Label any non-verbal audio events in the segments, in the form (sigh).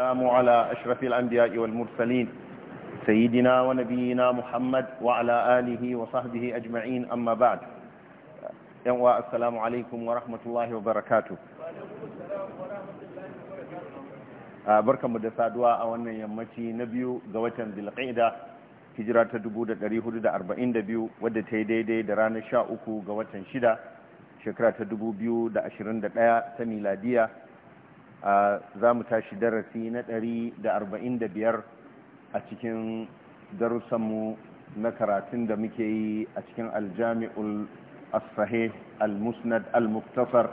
السلام على أشرف الأنبياء والمرسلين سيدنا ونبينا محمد وعلى آله وصحبه أجمعين أما بعد ينوى السلام عليكم ورحمة الله وبركاته آه، بركة مدفع دعاء يمتي نبي قوتا ذي القيدة هجرة دبودة داري هدودة أربعين دبيو ودى تيدي دي دران شاء قوتا شدا شكرة دبو بيو دا أشرين دا تميلا ديا za mu tashi darasi na 145 a cikin darussanmu na karatun da muke yi a cikin aljami'ul as almusnad al-musnad al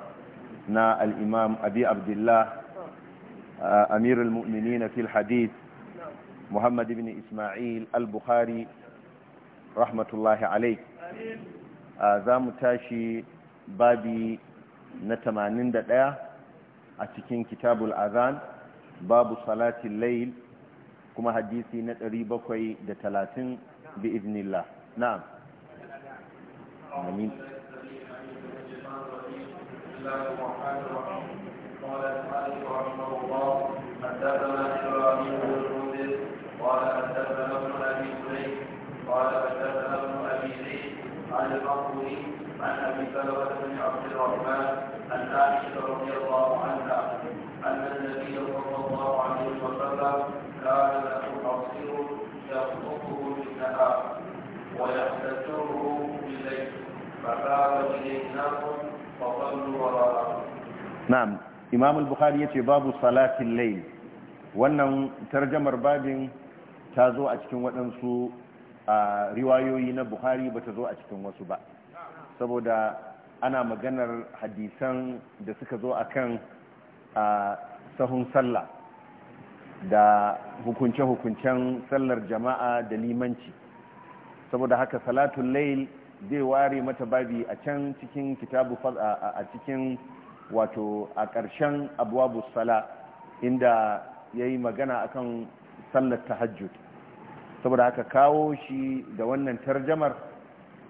na alimam imam abi abdullah amir al-mu'minin hadith muhammad ibn isma'il al-bukhari rahmatullahi alayh za mu tashi babi na 81 a cikin kitabul azan babu salatin lail kuma hadisi na 730 bi iznillah na'am amin عن أبي سلمة أن النبي صلى الله عليه وسلم كان له بالنهار بالليل إليه فصلوا وراءه نعم imam al-bukhari ce babu salatin layl wannan tarjamar babin ta zo a cikin waɗansu riwayoyi na Buhari ba ta zo a cikin wasu ba saboda ana maganar hadisan da suka zo akan a sahun sallah da hukunce-hukuncen sallar jama'a da limanci saboda haka salatun lail zai ware mata babi a can cikin kitabu a cikin wato a ƙarshen abuwabu sala inda ya yi magana akan sallar tahajjud saboda haka kawo shi da wannan tarjamar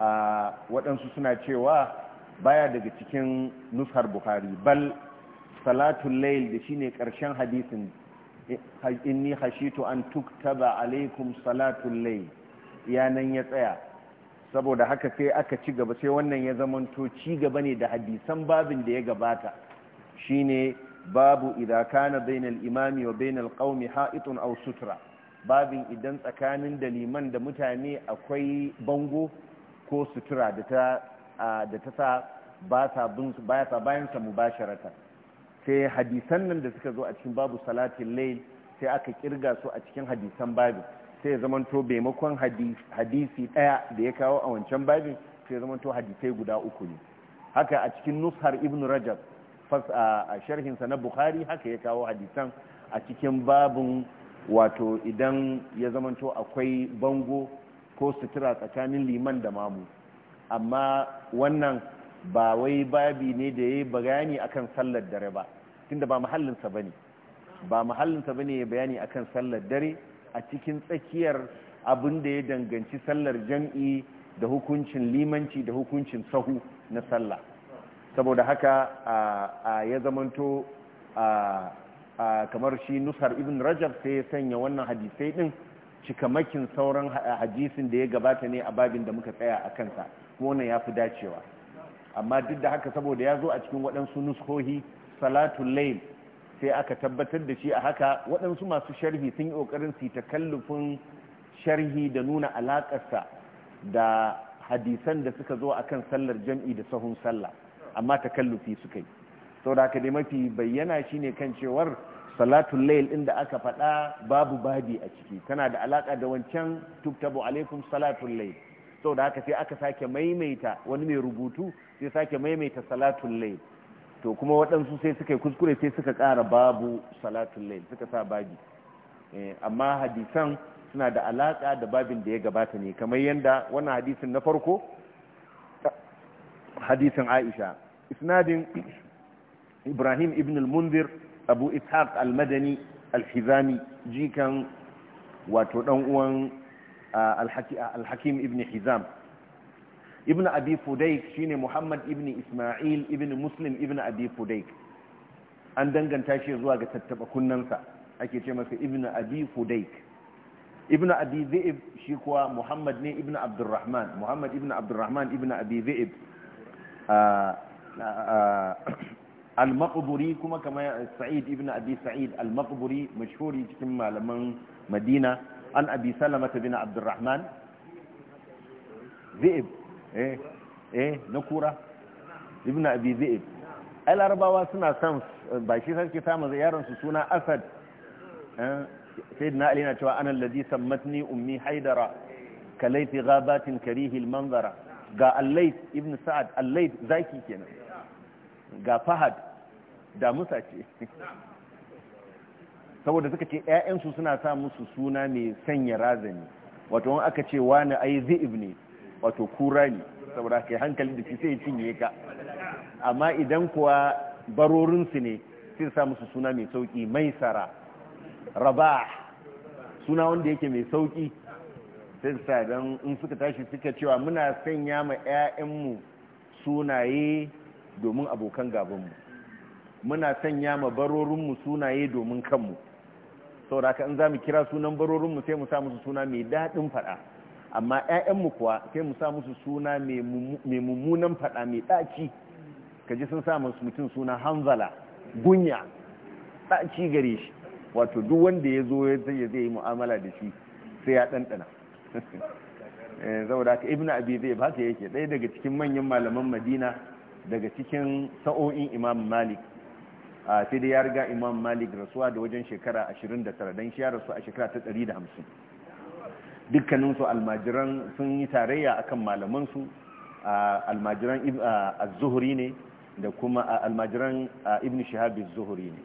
a waɗansu suna cewa baya daga cikin nusar buhari bal salatul layl da shine karshen hadisin inni hashitu an tuktaba alaikum salatul layl yanan ya tsaya saboda haka sai aka ci gaba sai wannan ya zamanto ci gaba ne da hadisan babin da ya gabata shine babu idza kana bainal imami wa bainal qaumi ha'itun aw sutra babin idan tsakanin daliman da mutane akwai bango ko sutura da ta da ta sa ba sa bayan sa mubasharatan sai hadisan nan da suka zo a cikin babu salatin layl sai aka kirga su a cikin hadisan babin sai ya zamanto baimakon hadisi daya da ya kawo a wancan babin sai ya zamanto hadisai guda uku ne haka a cikin nushar ibn rajab a sharhinsa na bukhari haka ya kawo hadisan a cikin babun wato idan ya zamanto akwai bango ko sutura tsakanin liman da mamu amma wannan ba wai babi ne da ya yi bayani akan sallar dare ba tunda ba mahallinsa bane ba mahallinsa bane ya bayani a kan sallar dare a cikin tsakiyar abin da ya danganci sallar jam'i da hukuncin limanci da hukuncin sahu na sallah saboda haka ya zamanto kamar shi nusar ibn rajab sai ya sanya wannan hadisai din cikamakin sauran hadisin da ya gabata ne a babin da muka tsaya a kansa wannan ya fi dacewa amma duk da haka saboda ya zo a cikin waɗansu nuskohi salatul layl sai aka tabbatar da shi a haka waɗansu masu sharhi sun yi ƙoƙarin su ta kallufin sharhi da nuna alaƙarsa da hadisan da suka zo akan sallar jam'i da sahun sallah amma ta kallufi suka yi saboda haka dai mafi bayyana shine kan cewar salatul layl inda aka faɗa babu babi a ciki tana da alaƙa da wancan tubtabu alaikum salatul layl saboda haka sai aka sake maimaita wani mai rubutu sai sake maimaita salatul layl to kuma waɗansu sai suka yi kuskure sai suka ƙara babu salatun lail suka sa babi eh, amma hadisan suna da alaƙa da babin da ya gabata ne kamar yadda wannan hadisin na farko hadisin aisha isnadin ibrahim ibn al mundir abu ishaq al-madani al-hizami jikan wato ɗan uwan ah, al-hakim ibn hizam ibn abi fudaik shine muhammad ibn isma'il ibn muslim ibn abi fudaik an danganta shi zuwa ga tattaba kunnansa ake ce masa ibn abi fudaik ibn abi zaib shi kuwa muhammad ne ibn abdurrahman muhammad ibn abdurrahman ibn abi zaib ah, ah, al-maqburi kuma kamar sa'id ibn abi sa'id al-maqburi mashhuri cikin malaman madina an abi salama bin abdurrahman zaib eh eh na kura ibn abi zaid ai larabawa suna son eh, ba shi sarki samun yaron su suna asad eh, sayyidina ali na cewa ana alladhi sammatni ummi haidara kalaiti ghabatin karihi almanzara ga allait ibn sa'ad allait zaki kenan ga fahad da musa ce saboda suka ce ƴaƴansu suna sa musu suna mai sanya razani wato aka ce wani ai zi'ib ne wato kura ne saboda kai hankalin jiki sai cinye ka amma idan kuwa barorinsu ne sai sa musu suna mai sauki maisara raba suna wanda yake mai sauki sai sa don in suka tashi suka cewa muna sanya ma 'ya'yanmu sunaye domin abokan gabanmu muna sanya ma barorinmu sunaye domin kanmu saboda haka in za mu kira sunan barorinmu sai mu sa musu suna mai daɗin faɗa amma yayan mu kuwa sai mu sa musu suna mai mummunan faɗa mai ɗaci kaji sun sa mutum suna hanzala gunya ɗaci gare shi wato duk wanda ya zo ya zai yi mu'amala da shi sai ya ɗanɗana da aka ibina abi zai ba yake ɗaya daga cikin manyan malaman madina daga cikin sa'o'in imam malik sai dai ya riga imam malik rasuwa da wajen shekara 29 don shi ya rasu a shekara ta 150 dukkaninsu almajiran sun yi tarayya akan malamansu almajiran az-zuhri ne da kuma almajiran ibn shihab az-zuhri ne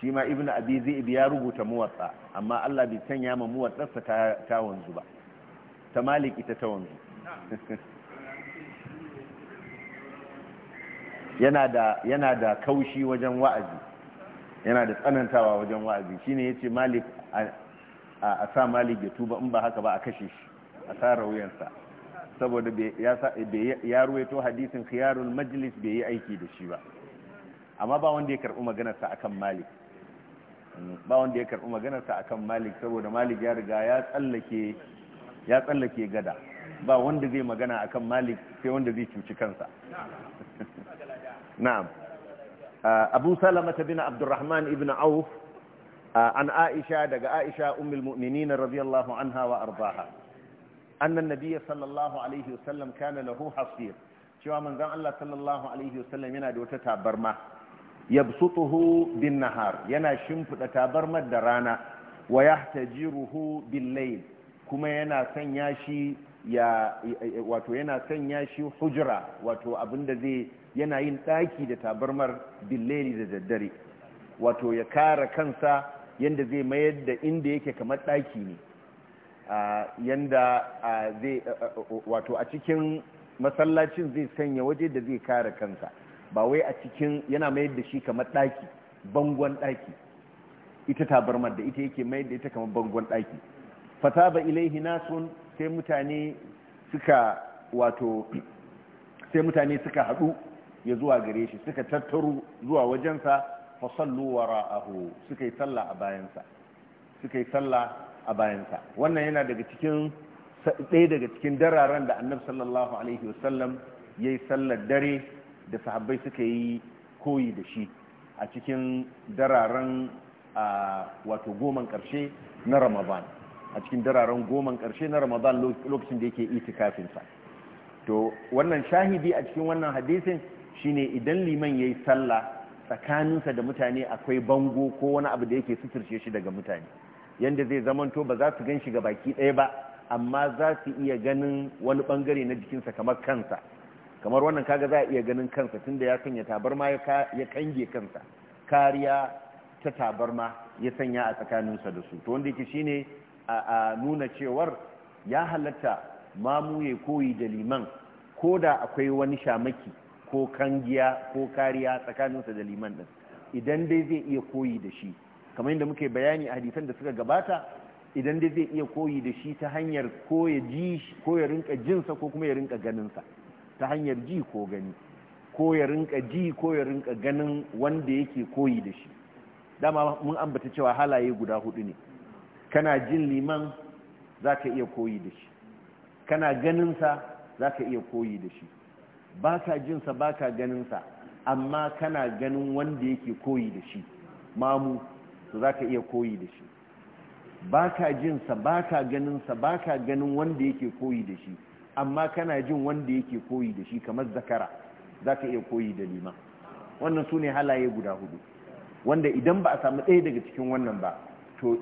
shi ma ibn abi zaid ya rubuta muwatta amma Allah bai sanya ma muwattarsa ta ta wanzu ba ta malik ita ta wanzu (laughs) yana da yana da kaushi wajen wa'azi yana da tsanantawa wajen wa'azi shine yace malik a sa malik ya tuba in ba haka ba a kashe shi a sa rauyansa saboda ya ruwaito hadisin khiyarul majlis bai yi aiki da shi ba amma ba wanda ya karɓi maganarsa kan malik ba wanda ya karɓi maganarsa kan malik saboda malik ya riga ya tsallake gada ba wanda zai magana a kan malik sai wanda zai cuci kansa (laughs) na'am abu ta bin abdurrahman ibn auf an aisha daga aisha ummul mu'minin radiyallahu anha wa ardaha annan nabiy sallallahu alaihi wasallam kana lahu hasir cewa manzon Allah sallallahu alaihi wasallam yana da wata tabarma yabsutuhu bin yana shimfida tabarmar da rana wa yahtajiruhu bil kuma yana sanya shi ya yana sanya shi hujra wato abinda zai yana yin ɗaki da tabarmar bil da daddare wato ya kare kansa yanda zai mayar da inda yake kamar ɗaki ne yanda zai wato a cikin masallacin zai sanya waje da zai kare kansa ba wai a cikin yana mayar da shi kamar ɗaki bangon ɗaki ita tabarmar da ita yake mayar da ita kamar bangon ɗaki fata ba ilaihi nasun sai mutane suka wato sai mutane suka haɗu ya zuwa gare shi suka tattaru zuwa wajensa fa sallu wara'ahu suka yi sallah a bayansa suka yi sallah a bayansa wannan yana daga cikin ɗaya daga cikin dararen da annabi sallallahu alaihi wasallam ya yi sallar dare da sahabbai suka yi koyi da shi a cikin dararen wato goman ƙarshe na ramadan a cikin dararen goman ƙarshe na ramadan lokacin da yake itikafinsa to wannan shahidi a cikin wannan hadisin shine idan liman ya yi sallah tsakaninsa da mutane akwai bango ko wani abu da yake suturce shi daga mutane yadda zai zamanto ba za su gan shi ga baki ɗaya ba amma za su iya ganin wani bangare na jikinsa kamar kansa kamar wannan kaga za a iya ganin kansa tunda ya sanya tabarma ya kange kansa kariya ta tabarma ya sanya a tsakaninsa da su to wanda yake shine a nuna cewar ya halatta mamu ya koyi da liman ko da akwai wani shamaki ko kangiya ko kariya tsakaninsa da liman din idan dai zai iya koyi da shi kamar yadda muke bayani a hadisan da suka gabata idan dai zai iya koyi da shi ta hanyar ko ya ji ko ya rinka jinsa ko kuma ya rinka ganinsa ta hanyar ji ko gani ko ya rinka ji ko ya rinka ganin wanda yake koyi da shi dama mun ambata cewa halaye guda hudu ne kana jin liman za ka iya koyi da shi kana ganinsa za ka iya koyi da shi ba ka jinsa ba ka ganinsa amma kana ganin wanda yake koyi da shi mamu su za ka iya koyi da shi ba ka jinsa ba ka ganinsa ba ka ganin wanda yake koyi da shi amma kana jin wanda yake koyi da shi kamar zakara za ka iya koyi da liman wannan su ne halaye guda hudu wanda idan ba a samu ɗaya daga cikin wannan ba to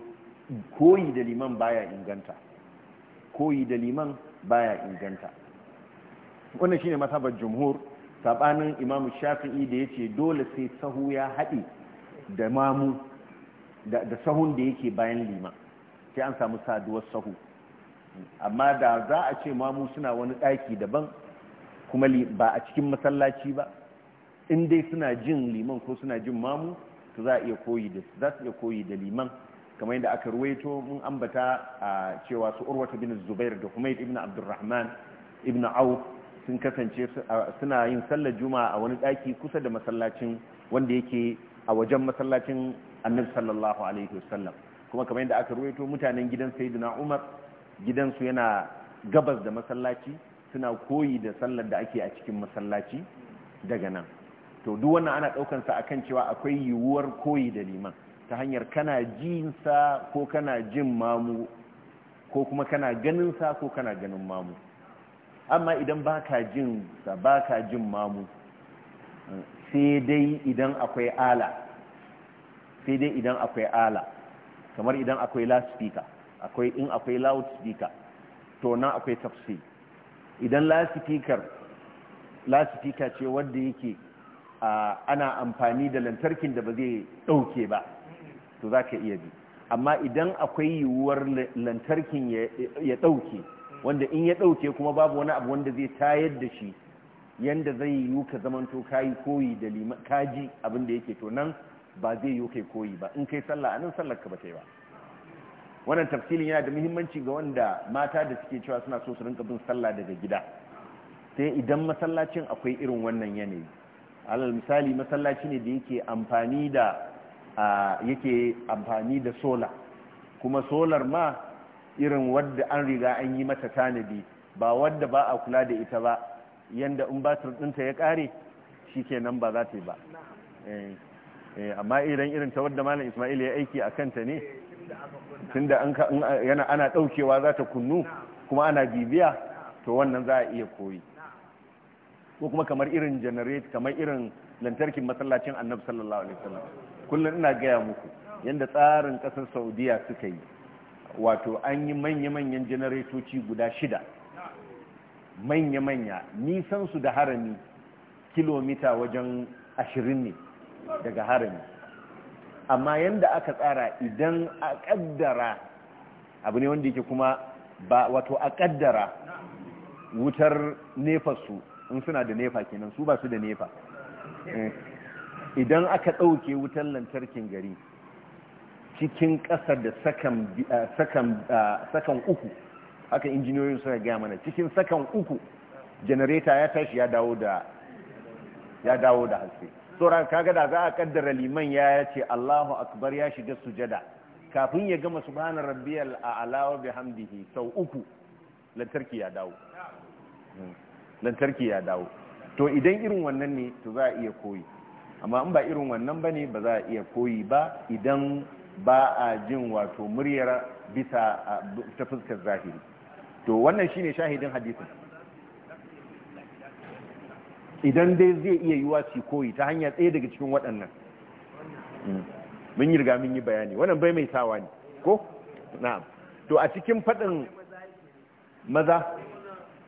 koyi da liman baya inganta koyi da liman baya inganta wannan shine masabar jumhur sabanin imam shafi'i da yace dole sai sahu ya haɗe da mamu da sahun da yake bayan lima sai an samu saduwar sahu amma da za a ce mamu suna wani ɗaki daban kuma ba a cikin masallaci ba in dai suna jin liman ko suna jin mamu to za iya koyi da za su iya koyi da liman kamar yadda aka ruwaito mun ambata a cewa su urwata bin zubair da kuma ibn abdurrahman ibn auf sun kasance suna yin sallar juma'a a wani daki kusa da masallacin wanda yake a wajen masallacin annabi sallallahu alaihi wasallam kuma kamar yadda aka ruwaito mutanen gidan sayyidina umar gidansu yana gabas da masallaci suna koyi da sallar da ake a cikin masallaci daga nan to duk wannan ana daukan sa akan cewa akwai yiwuwar koyi da liman ta hanyar kana jin sa ko kana jin mamu ko kuma kana ganin sa ko kana ganin mamu amma idan baka jin sa ka jin mamu sai dai idan akwai ala sai dai idan akwai ala kamar idan akwai loudspeaker akwai in akwai loudspeaker to nan akwai tafsir idan loudspeaker loudspeaker ce wanda yake ana amfani da lantarkin da ba zai dauke ba to zaka iya bi amma idan akwai yiwuwar lantarkin ya dauke wanda in ya ɗauke kuma babu wani abu wanda zai tayar da shi yadda zai yi ka zamanto kayi koyi da kaji abin da yake to nan ba zai yi kai koyi ba in kai sallah a nan sallar ka ba ta yi ba wannan tafsilin yana da muhimmanci ga wanda mata da suke cewa suna so su rinka bin sallah daga gida sai idan masallacin akwai irin wannan yanayi alal misali masallaci ne da yake amfani da yake amfani da sola kuma solar ma irin wadda an riga an yi mata tanadi ba wadda ba a kula da ita ba yanda in batir ɗinta ya kare, shi nan ba za ta yi ba eh, eh, amma idan irin ta wadda malam ismail ya aiki a kanta ne tunda yana ana ɗaukewa za ta kunnu kuma ana bibiya to wannan za a iya koyi ko kuma kamar irin generate kamar irin lantarkin masallacin annabi sallallahu alaihi wasallam kullum ina gaya muku yanda tsarin ƙasar saudiya suka yi wato an yi manya-manyan janaretoci guda shida manya-manya nisansu da harami kilomita wajen ashirin ne daga harami amma yadda aka tsara idan a kaddara abu ne wanda yake kuma ba wato a kaddara wutar nefarsu in suna da nefa kenan su ba su da nefa eh, idan aka ɗauke wutar lantarkin gari cikin ƙasa da sakan uku haka injiniyoyin suka gaya mana cikin sakan uku janareta ya tashi ya dawo da haske tsoron kaga da za a kaddara liman ya ce allahu akbar ya shiga sujada kafin ya gama subhanar rabbiyal a wa hamdihi sau uku lantarki ya dawo hmm. lantarki ya dawo to idan irin wannan ne to za a iya koyi amma in ba irin wannan bane ba za a iya koyi ba idan ba a jin wato muryar bisa ta fuskar zahiri to wannan shine shahidin hadisin idan dai zai iya yiwa wasi koyi ta hanya tsaye daga cikin waɗannan hmm. mun yi riga mun yi bayani wannan bai mai sawa ne ko na'am to a cikin faɗin maza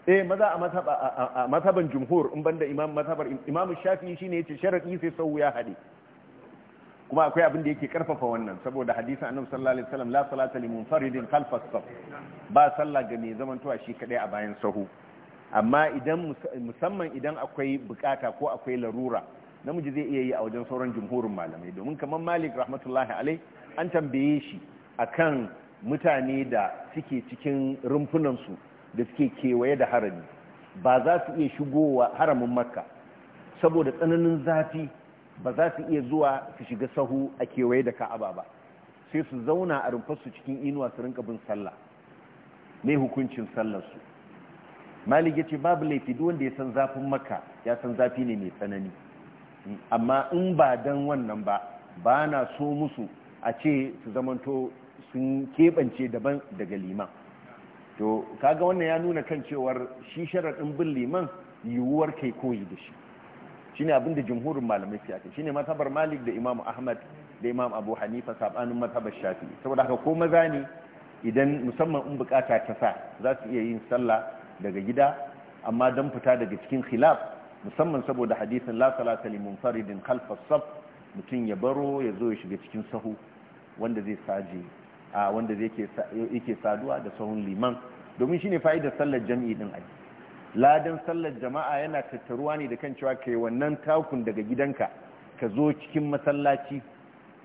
eh maza a mazhaban jumhur in banda imam mazhabar imam ne shine yace sharadi sai sauya ya kuma akwai abin da yake karfafa wannan saboda hadisin annabi sallallahu alaihi wasallam la salata li munfaridin khalfa saf ba sallah ga mai zamantowa shi kadai a bayan sahu amma idan musamman idan akwai bukata ko akwai larura namiji zai iya yi a wajen sauran jumhurin malamai domin kamar malik rahmatullahi alai an tambaye shi akan mutane da suke cikin rumfunan su da suke kewaye da harami ba za su iya shigowa haramin makka saboda tsananin zafi ba za su iya zuwa su shiga sahu a kewaye da ka'aba ba sai su zauna a rumfarsu cikin inuwa su rinka bin sallah ne hukuncin sallarsu malik ya ce babu laifi duk wanda ya san zafin maka ya san zafi ne mai tsanani amma in ba dan wannan ba ba na so musu a ce su zamanto sun keɓance daban daga liman to kaga wannan ya nuna kan cewar shi sharaɗin bin liman yiwuwar kai koyi da shi shine abin da jumhurin malamai su yake shine mazhabar malik da imam ahmad da imam abu hanifa sabanin mazhabar shafi saboda haka ko maza ne idan musamman in bukata ta sa za su iya yin sallah daga gida amma dan fita daga cikin khilaf musamman saboda hadisin la salata lil munfaridin as saf mutum ya baro ya zo ya shiga cikin sahu wanda zai saje a wanda zai yake saduwa da sahun liman domin shine fa'idar sallar jami'i din ai ladan sallar jama'a yana tattaruwa ne da kan cewa yi wannan takun daga gidanka ka zo cikin masallaci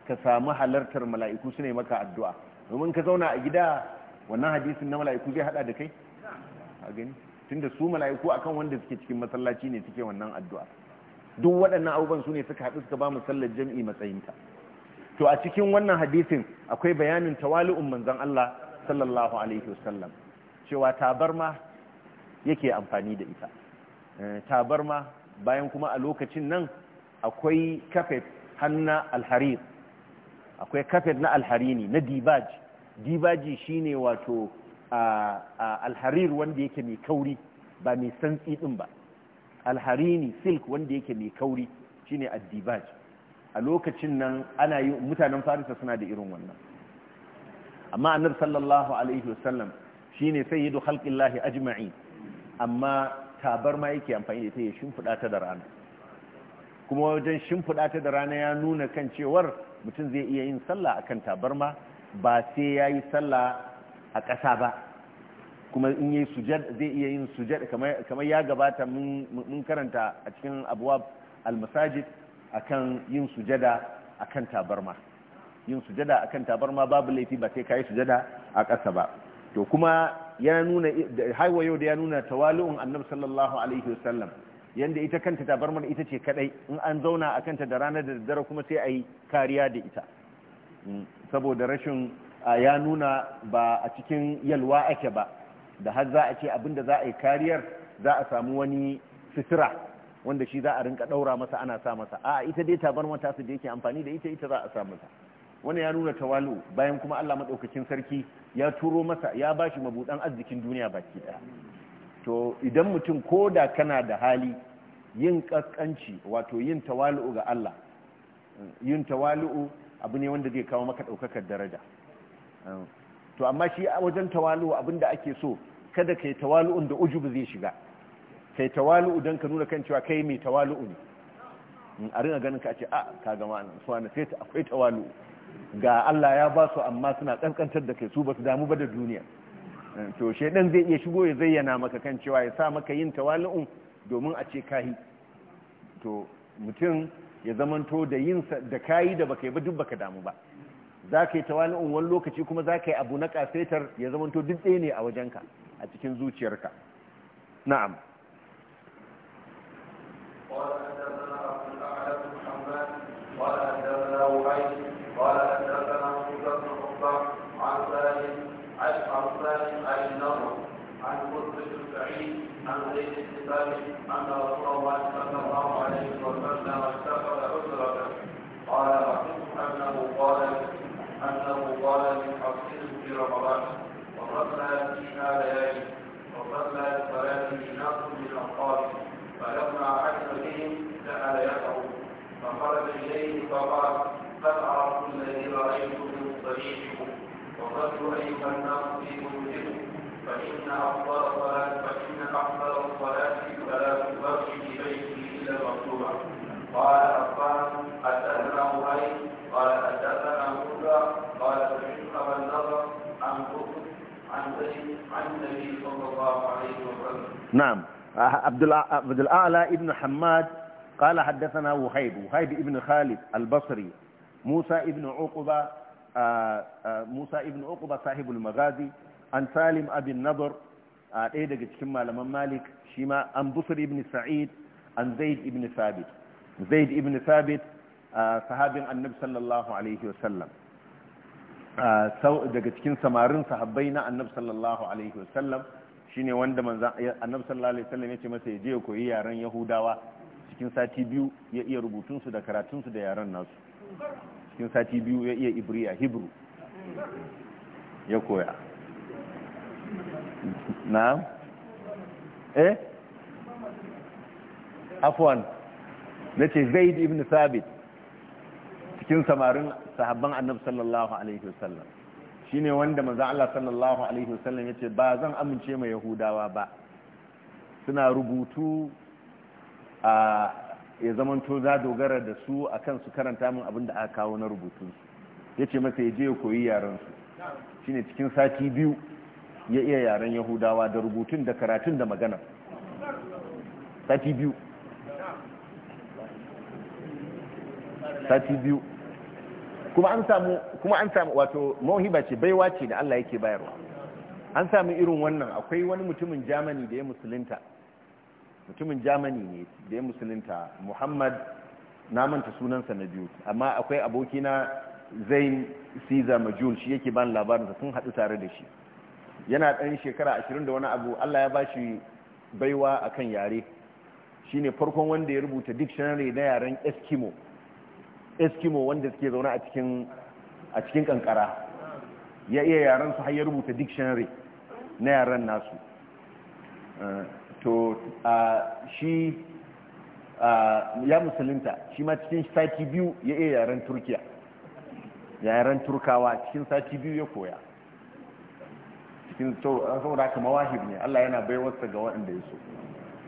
ka samu halartar mala'iku su ne maka addu'a domin ka zauna a gida wannan hadisin na mala'iku zai hada da kai a gani tunda su mala'iku akan wanda suke cikin masallaci ne suke wannan addu'a duk waɗannan abubuwan su ne suka haɗu suka ba mu sallar jami'i matsayinta to a cikin wannan hadisin akwai bayanin tawali'un manzon Allah sallallahu alaihi wasallam cewa tabarma yake amfani da ita eh, tabarma bayan kuma a lokacin nan akwai kafet hanna alharir akwai kafet na alharini na dibaj dibaji shine wato alharir wanda yake mai kauri ba mai santsi din ba alharini silk wanda yake mai kauri shine addibaj a lokacin nan ana yi mutanen farisa suna da irin wannan amma annar sallallahu alaihi wasallam shine sayyidu khalqillahi ajma'in amma tabar ma yake amfani da ita ya shimfiɗa ta da rana kuma wajen shimfiɗa ta da rana ya nuna kan cewar mutum zai iya yin sallah akan tabarma ba sai ya yi sallah a ƙasa ba kuma in yi sujad zai iya yin sujad kamar ya gabata mun karanta a cikin abuwa almasajid akan yin sujada akan tabarma yin sujada akan tabarma babu laifi ba sai ka yi sujada a ƙasa ba to kuma ya nuna haiwa yau da ya nuna tawali'un annabi sallallahu alaihi wasallam yanda ita kanta tabarmar ita ce kadai in an zauna a kanta da ranar da daddare kuma sai a yi kariya da ita mm. saboda rashin ya nuna ba a cikin yalwa ake ba da har za a ce abinda za a yi kariyar za a samu wani fitira wanda shi za a rinka ɗaura masa ana sa masa a ita dai mata su da yake amfani da ita ita za a sa masa wani ya nuna tawalu bayan kuma Allah madaukakin sarki ya turo masa ya bashi mabudan arzikin duniya baki daya to idan mutum ko da kana da hali yin kaskanci wato yin tawali'u ga Allah yin tawali'u abu ne wanda zai kawo maka daukakar daraja to amma shi wajen tawali'u abinda ake so kada kai tawalu'un da ujubu zai shiga kai tawali'u don ka nuna kan cewa kai mai tawali'u ne a ringa ganin ka ce a ah, ka gama suwa na sai akwai tawali'u ga Allah ya ba su amma suna ƙanƙantar da kai su ba su damu ba da duniya eh, to shaidan zai iya shigo ya zayyana maka kan cewa ya sa maka yin tawali'un domin a ce kahi to mutum ya zamanto da yin da kayi da baka yi ba duk baka damu ba za ka yi tawali'un wani lokaci kuma za ka yi abu na kasaitar ya zamanto duk ɗaya ne a wajenka a cikin zuciyarka na'am نعم عبد قال حدثنا قال حدثنا قال عن عن النبي صلى الله عليه وسلم نعم عبد الأعلى ابن حماد قال حدثنا وهيب وهيب ابن خالد البصري موسى ابن عقبة آه، آه، موسى ابن عقبة صاحب المغازي an salim abin nabar a ɗaya daga cikin malaman malik shi ma an busur ibn sa'id an zaid ibn sabit zaid ibn sabit sahabin annabi sallallahu alaihi wasallam daga cikin samarin sahabbai na annabi sallallahu alaihi wasallam shine wanda annabi sallallahu alaihi wasallam yace masa je ya koyi yaren yahudawa cikin sati biyu ya iya rubutunsu da karatunsu da yaren nasu cikin sati biyu ya iya ibriya hebrew ya koya na'am eh afwan nace zaid ibn sabit cikin samarin sahabban annabi sallallahu alaihi wasallam shine wanda manzo Allah sallallahu alaihi wasallam yace ba zan amince mai yahudawa ba suna rubutu a ya zamanto za dogara da su akan su karanta min abin da aka kawo na rubutunsu yace masa ya je ya koyi yaran su shine cikin sati biyu ya iya yaren yahudawa da rubutun da karatun da magana sati biyu sati biyu kuma an samu kuma an samu wato mauhiba ce baiwa ce da Allah yake bayarwa an samu irin wannan akwai wani mutumin Germany da ya musulunta mutumin Germany ne da ya musulunta Muhammad namanta sunansa na biyu amma akwai abokina zai Caesar Majul shi yake ban labarinsa sun haɗu tare da shi yana ɗan shekara ashirin da wani abu allah ya ba shi baiwa a kan yare shine farkon wanda ya rubuta dictionary na yaren eskimo eskimo wanda suke zaune a cikin kankara ya iya yaren su har ya rubuta dictionary na yaren nasu eh, to shi ya musulunta shi ma cikin sati biyu ya iya yaren turkiya yaren turkawa cikin sati biyu ya koya cikin saboda haka mawahib ne Allah yana baiwarsa ga waɗanda ya so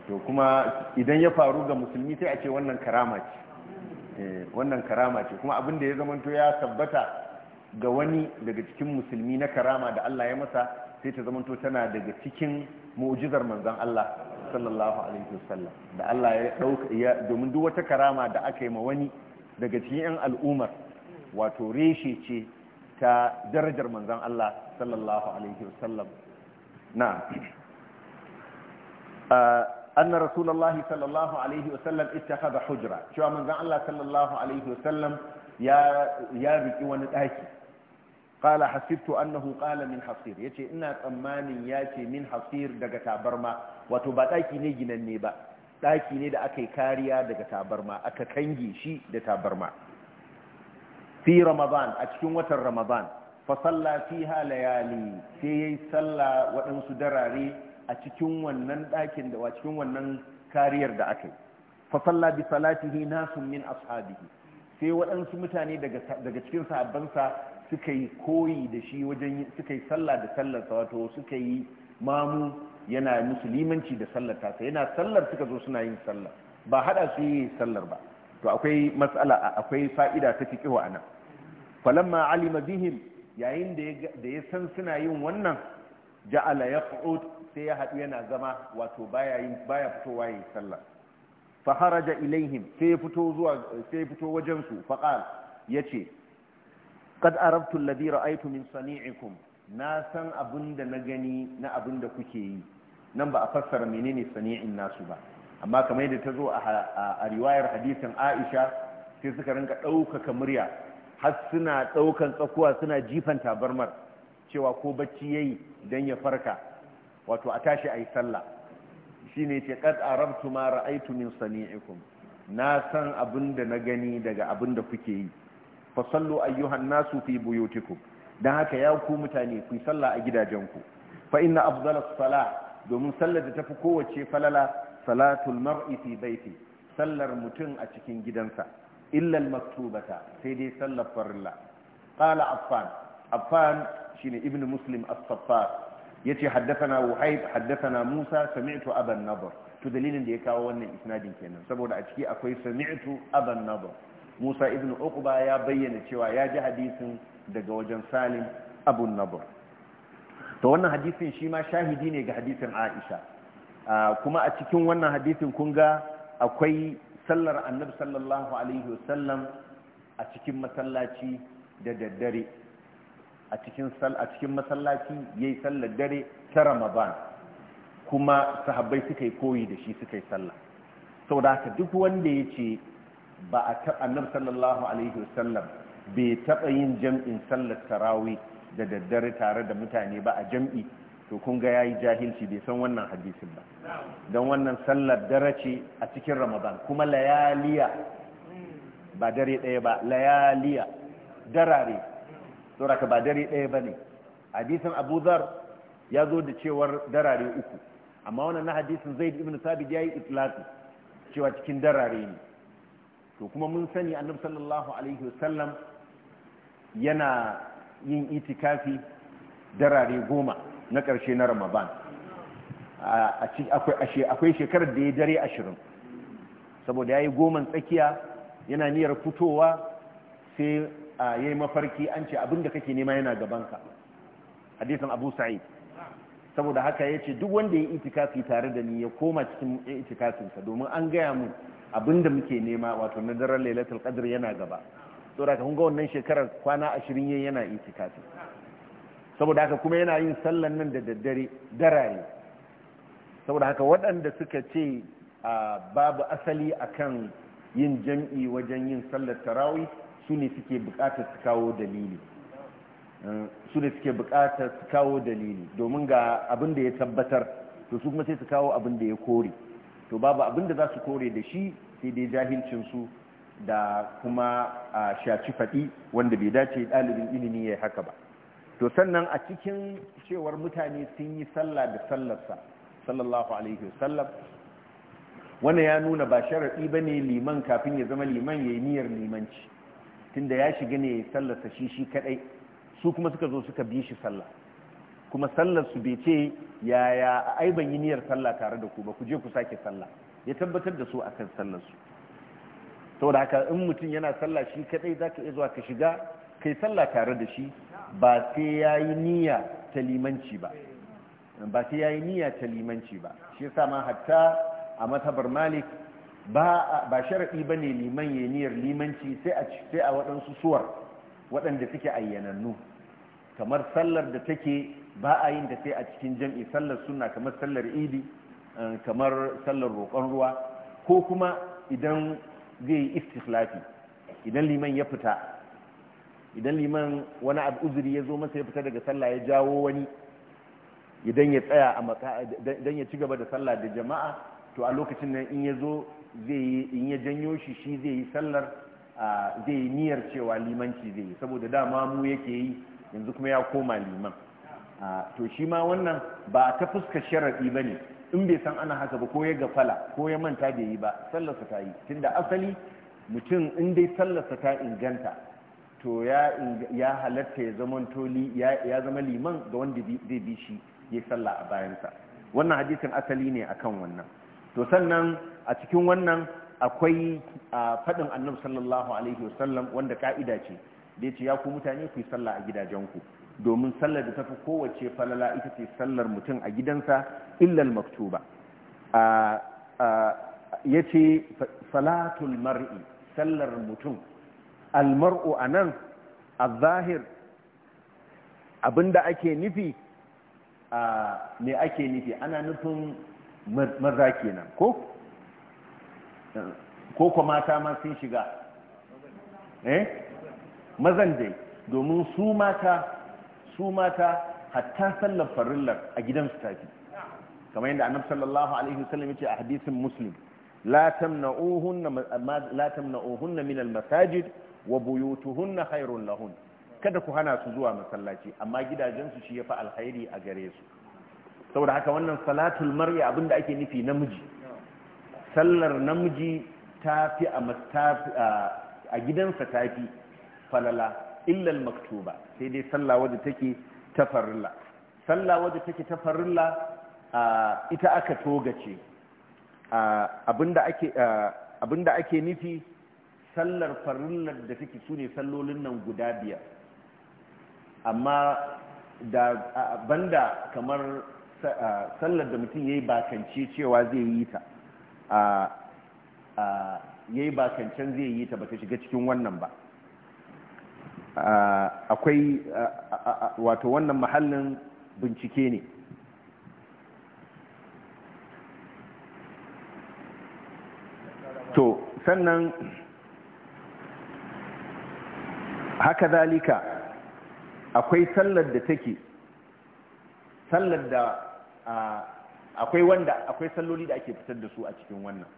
to kuma idan ya faru ga musulmi sai a ce wannan karama ce eh, wannan karama ce kuma abin da ya zamanto ya tabbata ga wani daga cikin musulmi na karama da Allah ya masa sai ta zamanto tana daga cikin mu'jizar manzon Allah sallallahu alaihi wasallam da Allah ya dauka domin duk wata karama da aka yi ma wani daga cikin yan al'ummar wato reshe ce ta darajar manzan Allah sallallahu Alaihi wasallam na annar rasulallah sallallahu Alaihi wasallam ita haɗa hujjara cewa manzan Allah sallallahu Alaihi wasallam ya riƙi wani ɗaki ƙala hasirtu annahu ƙala min hasir ya ina tsammanin yace ce min hasir daga tabarma wato ba ɗaki ne ginanne ba ɗaki ne da aka yi kariya daga tabarma aka kange shi da tabarma fi ramadan a cikin watan ramadan fa salla fiha layali sai yayi salla waɗansu darare a cikin wannan ɗakin da cikin wannan kariyar da aka yi fa salla bi salatihi nasun min ashabihi sai waɗansu mutane daga cikin sahabbansa suka yi koyi da shi wajen suka yi salla da sallarsa wato suka yi mamu yana musulmanci da sallar tasa yana sallar suka zo suna yin sallar ba hada su yi sallar ba to akwai matsala akwai fa'ida ta fiqhu anan falamma alima bihim yayin da ya san suna yin wannan ja'ala yaq'ud sai ya haɗu yana zama wato baya yin baya fitowa yin sallah fa haraja ilaihim sai ya fito zuwa sai ya fito wajen su fa qal yace qad arabtu alladhi ra'aytu min sani'ikum na san abinda na gani na abinda kuke yi nan ba a fassara menene sani'in nasu ba amma kamar yadda ta zo a riwayar hadisin Aisha sai suka rinka ɗaukaka murya har suna ɗaukan tsakuwa suna jifan tabarmar cewa ko bacci yayi dan ya farka wato a tashi ayi sallah shine ce qad arabtu ma ra'aytu min sani'ikum na san abinda na gani daga abin da kuke yi fa sallu ayyuhan nasu fi buyutikum dan haka ya ku mutane ku sallah a gidajenku fa inna afdalas salah domin sallar da tafi kowace falala salatul mar'i fi baiti sallar mutum a cikin gidansa Illal al-maktubata sai dai sallar farilla qala affan affan shine ibn muslim as-saffar yace haddathana wuhayb na musa sami'tu aban nadr to dalilin da ya kawo wannan isnadin kenan saboda a ciki akwai sami'tu aban nadr musa ibn uqba ya bayyana cewa ya ji hadisin daga wajen salim abu nadr to wannan hadisin shi ma shahidi ne ga hadisin aisha kuma a cikin wannan hadisin kun ga akwai sallar annabi sallallahu alaihi wasallam a cikin masallaci da daddare a cikin a cikin masallaci yayi sallar dare ta Ramadan kuma sahabbai suka yi koyi da shi suka yi sallah saboda haka duk wanda yace ba a ta annabi sallallahu alaihi wasallam bai taɓa yin jam'in sallar tarawih da daddare tare da mutane ba a jam'i to kun ga yayi jahilci bai san wannan hadisin ba don wannan sallar darace a cikin ramadan kuma layaliya ba dare ɗaya ba layaliya darare sauraka ba dare ɗaya ba ne hadisin abu ya zo da cewar darare uku amma wannan na hadisin zaid ibn sabit ya yi itlati cewa cikin darare ne to kuma mun sani annabi sallallahu alaihi wasallam yana yin itikafi darare goma na ƙarshe na ramadan akwai shekarar da ya dare ashirin saboda ya yi goman tsakiya yana niyar fitowa sai ya yi mafarki an ce abinda kake nema yana gabanka hadisan abu sa'id saboda haka ya ce duk wanda ya yi itikafi tare da ni ya koma cikin itikafinsa domin an gaya mu abinda muke nema wato na daren lailatul qadr yana gaba saboda kun wannan shekarar kwana ashirin yana itikafi saboda haka kuma yana yin sallan nan da daddare darare saboda haka waɗanda suka ce babu asali akan yin jam'i wajen yin sallar tarawi su ne suke buƙatar su kawo dalili su ne suke buƙatar su kawo dalili domin ga abin da ya tabbatar to su kuma sai su kawo abin da ya kore to babu abin da za su kore da shi sai dai jahilcinsu da kuma a shaci faɗi wanda bai dace ɗalibin ilimi ya haka ba to sannan a cikin cewar mutane sun yi sallah da sallarsa sallallahu alaihi wasallam wannan ya nuna ba sharaɗi bane liman kafin ya zama liman ya yi niyyar limanci tunda ya shiga ne ya yi sallarsa shi shi kaɗai su kuma suka zo suka bi shi sallah kuma sallar su bai ce yaya ai ban yi niyyar sallah tare da ku ba ku je ku sake sallah ya tabbatar da su akan sallar su saboda haka in mutum yana sallah shi kadai zaka iya zuwa ka shiga kai sallah tare da shi ba sai ya yi niyya ta limanci ba ba sai ya yi niyya ta limanci ba shi ya ma hatta a matabar malik ba sharaɗi ba ne liman ya niyyar limanci sai a waɗansu suwar waɗanda suke ayyanannu kamar sallar da take ba a yin da sai a cikin jam'i sallar suna kamar sallar idi eh, kamar sallar roƙon ruwa ko kuma idan zai yi istislafi idan liman ya fita idan liman wani abu uzuri ya zo masa ya fita daga sallah ya jawo wani idan ya tsaya a idan ya ci gaba da sallah da jama'a to a lokacin nan in ya zo in ya janyo shi shi zai yi sallar zai yi niyyar cewa limanci zai yi saboda dama mu yake yi yanzu kuma ya koma liman to shi ma wannan ba ta fuska sharaɗi ba ne in bai san ana haka ba ko ya gafala ko ya manta da yi ba sallarsa ta yi tunda asali mutum in dai sallarsa ta inganta to ya halatta ya zama liman ga wanda zai bi shi ya sallah a bayansa wannan hadisin asali ne akan wannan to sannan a cikin wannan akwai a faɗin annabi sallallahu alaihi wasallam wanda ka'ida ce da ce ya ku mutane ku yi sallah a gidajenku domin sallar da tafi kowace falala ita ce sallar mutum a gidansa illal maktuba ya ce salatul mar'i sallar mutum almar'u a nan a zahir abinda ake nufi a me ake nufi ana nufin maza kenan ko ko kuma mata ma sun shiga eh mazan dai domin su mata su mata hatta sallar farillar a gidansu tafi kamar yadda annabi sallallahu alaihi wasallam yace a hadisin muslim la tamna'uhunna la tamna'uhunna min al-masajid wa buyutuhunna khairun lahun kada ku hana su zuwa masallaci amma gidajensu shi yafi alkhairi a gare su saboda haka wannan salatul mar'i abinda ake nufi namiji sallar namiji tafi a a gidansa tafi falala illa maktuba sai dai sallah wadda take ta farilla sallah wadda take ta farilla ita aka togace abinda ake abinda ake nufi sallar farillar da take su ne sallolin nan guda biyar amma da banda kamar sallar da mutum ya yi bakance cewa zai yi ta ya yi bakancen zai yi ta ba ta shiga cikin wannan ba akwai wato wannan mahallin bincike ne to sannan haka zalika akwai sallar da take sallar da akwai wanda akwai salloli da ake fitar da su a cikin wannan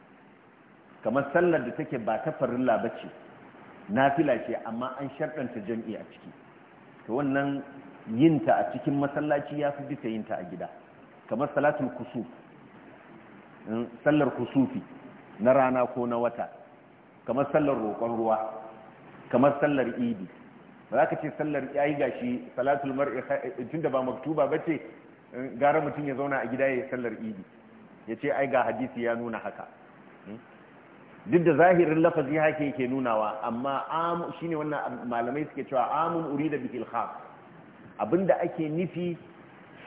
kamar sallar da take ba ta farilla ba ce nafila ce amma an sharɗanta jam'i a ciki to wannan yinta a cikin masallaci ya fi bisa yinta a gida kamar salatul kusuf mm, sallar kusufi na rana ko na wata kamar sallar roƙon ruwa kamar sallar idi ba za ka ce sallar ya yayi gashi salatul mar'i da ba maktuba ce gara mutum ya zauna a gida ya sallar idi ya ce ai ga hadisi ya nuna haka duk da zahirin lafazi haka yake nunawa amma shine wannan malamai suke cewa amun da bihil abin abinda ake nufi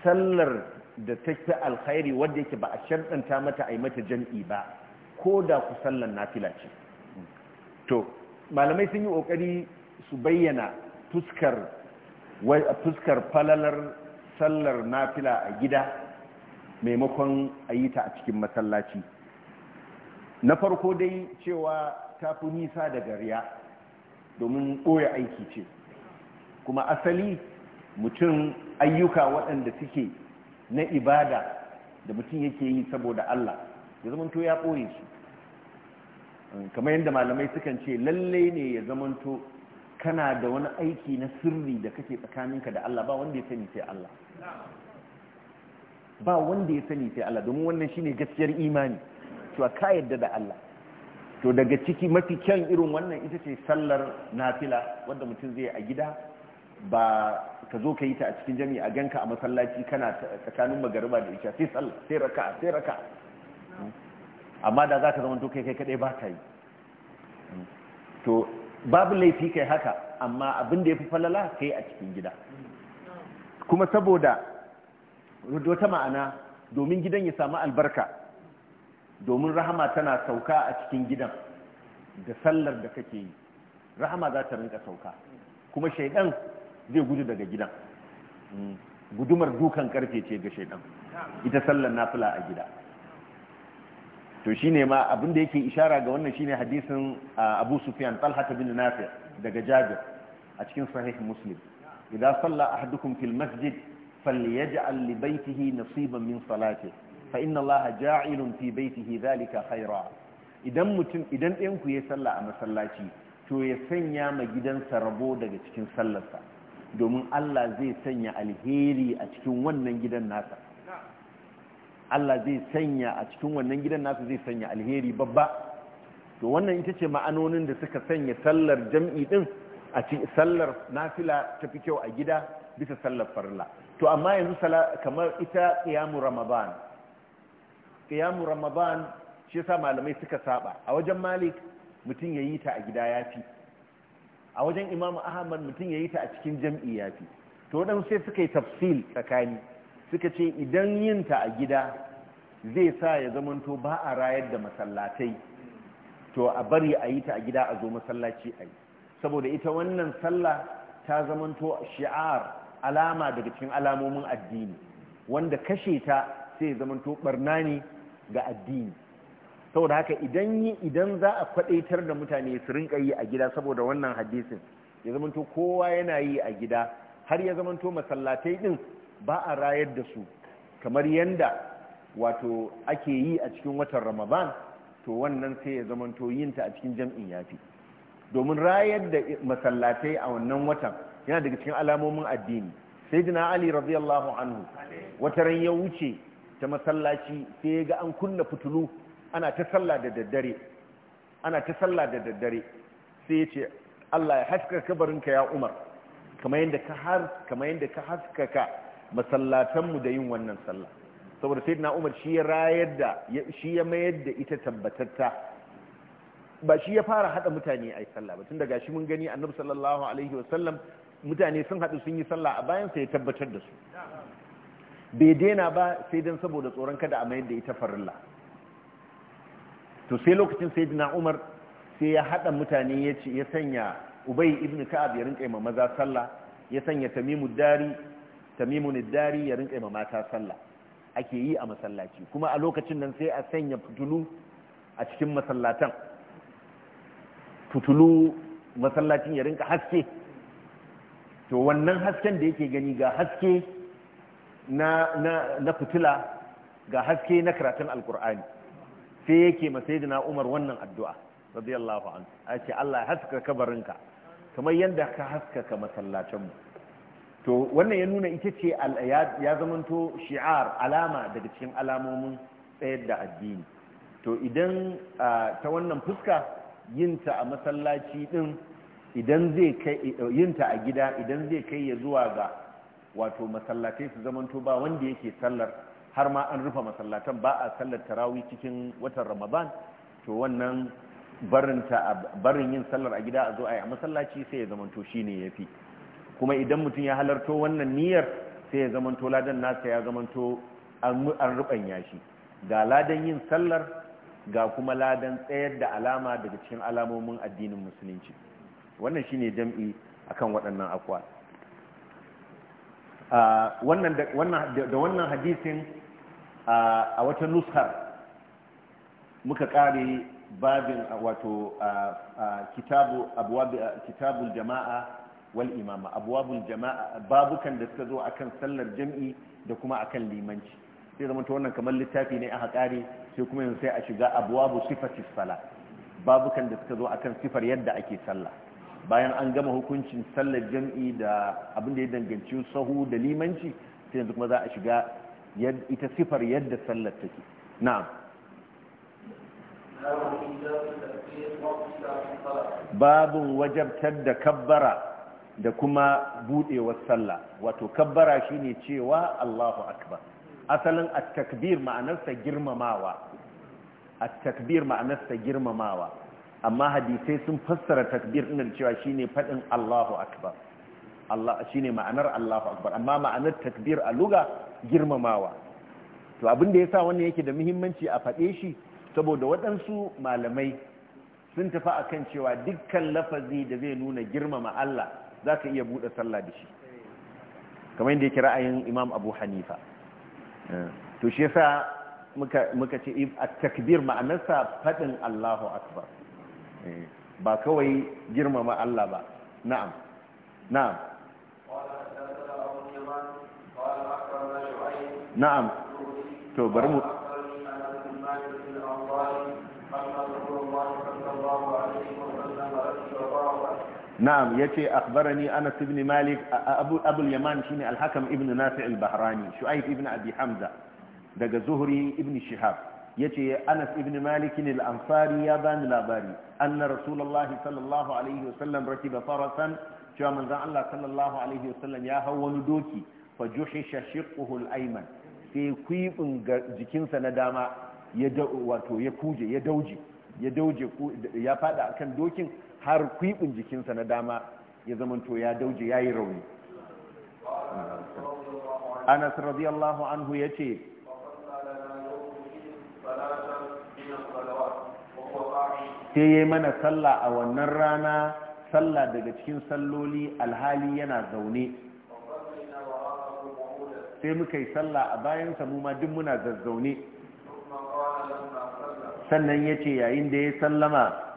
sallar da ta fi alkhairi wadda yake ba a sharɗanta mata a yi mata jam'i ba ko da ku sallar nafila ce to malamai sun yi ƙoƙari su bayyana fuskar fuskar falalar sallar nafila a gida maimakon a yi ta a cikin masallaci na farko dai cewa ta fi nisa da gariya domin ɓoye aiki ce kuma asali mutum ayyuka waɗanda suke na ibada da mutum yake yi saboda Allah ya zama to ya ɓoye su kamar yadda malamai sukan ce lalle ne ya zamanto kana da wani aiki na sirri da kake tsakaninka da Allah ba wanda ya sani sai Allah ba wanda ya sani sai Allah domin wannan shine gaskiyar imani to ka yadda da Allah to daga ciki mafi kyan irin wannan ita ce sallar nafila wanda mutum zai a gida ba ka zo ka yi ta a cikin jami'a ganka a masallaci kana tsakanin magariba da isha sai sallah sai raka'a sai raka'a amma da za ka zama kai kai kadai ba ka yi to babu laifi kai haka amma abin da ya fi falala kai yi a cikin gida kuma saboda wata ma'ana domin gidan ya samu albarka domin rahama tana sauka a cikin gidan da sallar da kake yi rahama za ta rinka sauka kuma shaidan zai gudu daga gidan hmm. gudumar dukan karfe ce ga shaidan ita sallar nafila a gida to shine ma abin da yake ishara ga wannan shine hadisin Abu Sufyan Talha bin Nafi daga Jabir a cikin sahih Muslim idza salla ahadukum fil masjid falyaj'al li baytihi nasiban min salatihi fa inna Allaha ja'ilun fi baytihi dhalika khaira idan mutum idan ɗayan ku ya salla a masallaci to ya sanya ma gidansa rabo daga cikin sallarsa domin Allah zai sanya alheri a cikin wannan gidan nasa Allah zai sanya a cikin wannan gidan nasu zai sanya alheri babba to wannan ita ce ma'anonin da suka sanya sallar jam'i din a cikin sallar nafila ta fi kyau a gida bisa sallar farla to amma yanzu kamar ita qiyamu ramadan qiyamu ramadan shi yasa malamai suka saba a wajen malik mutum yayi ta a gida yafi a wajen imamu ahmad mutum yayi ta a cikin jam'i yafi to dan sai suka yi tafsil tsakani suka ce idan yinta a gida zai sa ya zamanto ba a rayar da masallatai to a bari a yi ta a gida a zo masallaci a yi saboda ita wannan sallah ta zamanto shi'ar alama daga cikin alamomin addini wanda kashe ta sai zamanto barna ne ga addini saboda haka idan yi idan za a kwadaitar da mutane su rinka yi a gida saboda wannan hadisin ya zamanto kowa yana yi a gida har ya zamanto masallatai din ba a rayar da su kamar yadda wato ake yi a cikin watan ramadan to wannan sai ya zamanto yinta a cikin jam'in yafi domin rayar da masallatai a wannan watan yana daga cikin alamomin addini sai dina ali radiyallahu anhu wata ran ya wuce ta masallaci sai ya ga an kunna fitulu ana ta sallah da daddare ana ta sallah da daddare sai ya ce Allah ya haskaka kabarinka ya Umar kamar yadda ka haskaka masallatanmu da yin wannan sallah saboda sayyidina umar shi ya rayar da shi ya mayar da ita tabbatatta ba shi ya fara hada mutane yi sallah ba tun daga shi mun gani annabi sallallahu alaihi wasallam mutane sun hadu sun yi sallah a bayan sa ya tabbatar da su bai daina ba sai dan saboda tsoron kada a mayar da ita farilla to sai lokacin sayyidina umar sai ya hada mutane ya ce ya sanya ubay ibn ka'ab ya rinka maza sallah ya sanya tamimu dari tamimun Nidari ya rinka mamata mata sallah ake yi a masallaci kuma a lokacin nan sai a sanya fitulu a cikin masallatan fitulu masallacin ya rinka haske to wannan hasken da yake gani ga haske na na na fitila ga haske na karatun alkur'ani sai yake masaidina Umar wannan addu'a radiyallahu anhu a ce Allah haskaka kabarinka kamar yadda ka haskaka masallacin mu to wannan ya nuna ita ce ya zamanto shi'ar alama daga cikin alamomin tsayar da addini to idan ta wannan fuska yinta a masallaci din idan zai kai yinta a gida idan zai kai ya zuwa ga wato masallatai su zamanto ba wanda yake sallar har ma an rufe masallatan ba a sallar tarawi cikin watan ramadan to wannan barin yin sallar a gida a zo a yi a masallaci sai ya zamanto shi ne ya fi. kuma idan mutum ya halarto wannan niyyar sai ya zamanto ladan nasa ya zamanto an rubanya shi ga ladan yin sallar ga kuma ladan tsayar da alama daga cikin alamomin addinin musulunci wannan shine jam'i akan waɗannan akwai da wannan hadisin a wata nuskar muka kare babin wato kitabu jama'a wal imama abwabul jama'a babukan da suka zo akan sallar jam'i da kuma akan limanci sai zama to wannan kamar littafi ne aka kare sai kuma yanzu sai a shiga abwabu sifatis sala babukan da suka zo akan sifar yadda ake sallah bayan an gama hukuncin sallar jam'i da abin da ya danganci sahu da limanci sai yanzu kuma za a shiga ita sifar yadda sallar take na'am Babu wajabtar da kabbara da kuma budewar sallah wato kabbara shine cewa Allahu akbar asalin at-takbir ma'anarsa girmamawa at-takbir ma'anarsa girmamawa amma hadisai sun fassara takbir din cewa shine fadin Allahu akbar Allah shine ma'anar Allahu akbar amma ma'anar takbir a luga girmamawa to abin da yasa wannan yake da muhimmanci a fade shi saboda waɗansu malamai sun tafi akan cewa dukkan lafazi da zai nuna girmama Allah za ka iya buɗe sallah da shi kamar yadda yake ra'ayin imam abu hanifa to shi yasa muka ce a takbir ma'anarsa faɗin allahu akbar eh, ba kawai girmama allah ba na'am na'am na'am to bari mu na'am yace akhbarani Anas ibn Malik Abu Abu yaman shine al-Hakam ibn Nafi' al-Bahrani Shu'aib ibn Abi Hamza daga Zuhri ibn Shihab yace Anas ibn Malik ne al-Ansari ya bani labari anna Rasulullah sallallahu alaihi wasallam rakiba farasan cewa manzon Allah sallallahu alaihi wasallam ya hau wani doki fa juhisha shiqquhu al-ayman sai kuibin jikinsa na dama wato ya kuje ya dauje ya dauje a kan dokin har kwiɓin jikinsa na dama ya zamanto ya dauje ya yi rauni anas radiyallahu anhu ya ce sai ya yi mana sallah a wannan rana sallah daga cikin salloli alhali yana zaune sai muka yi sallah a bayan mu ma duk muna zazzaune sannan ya ce yayin da ya sallama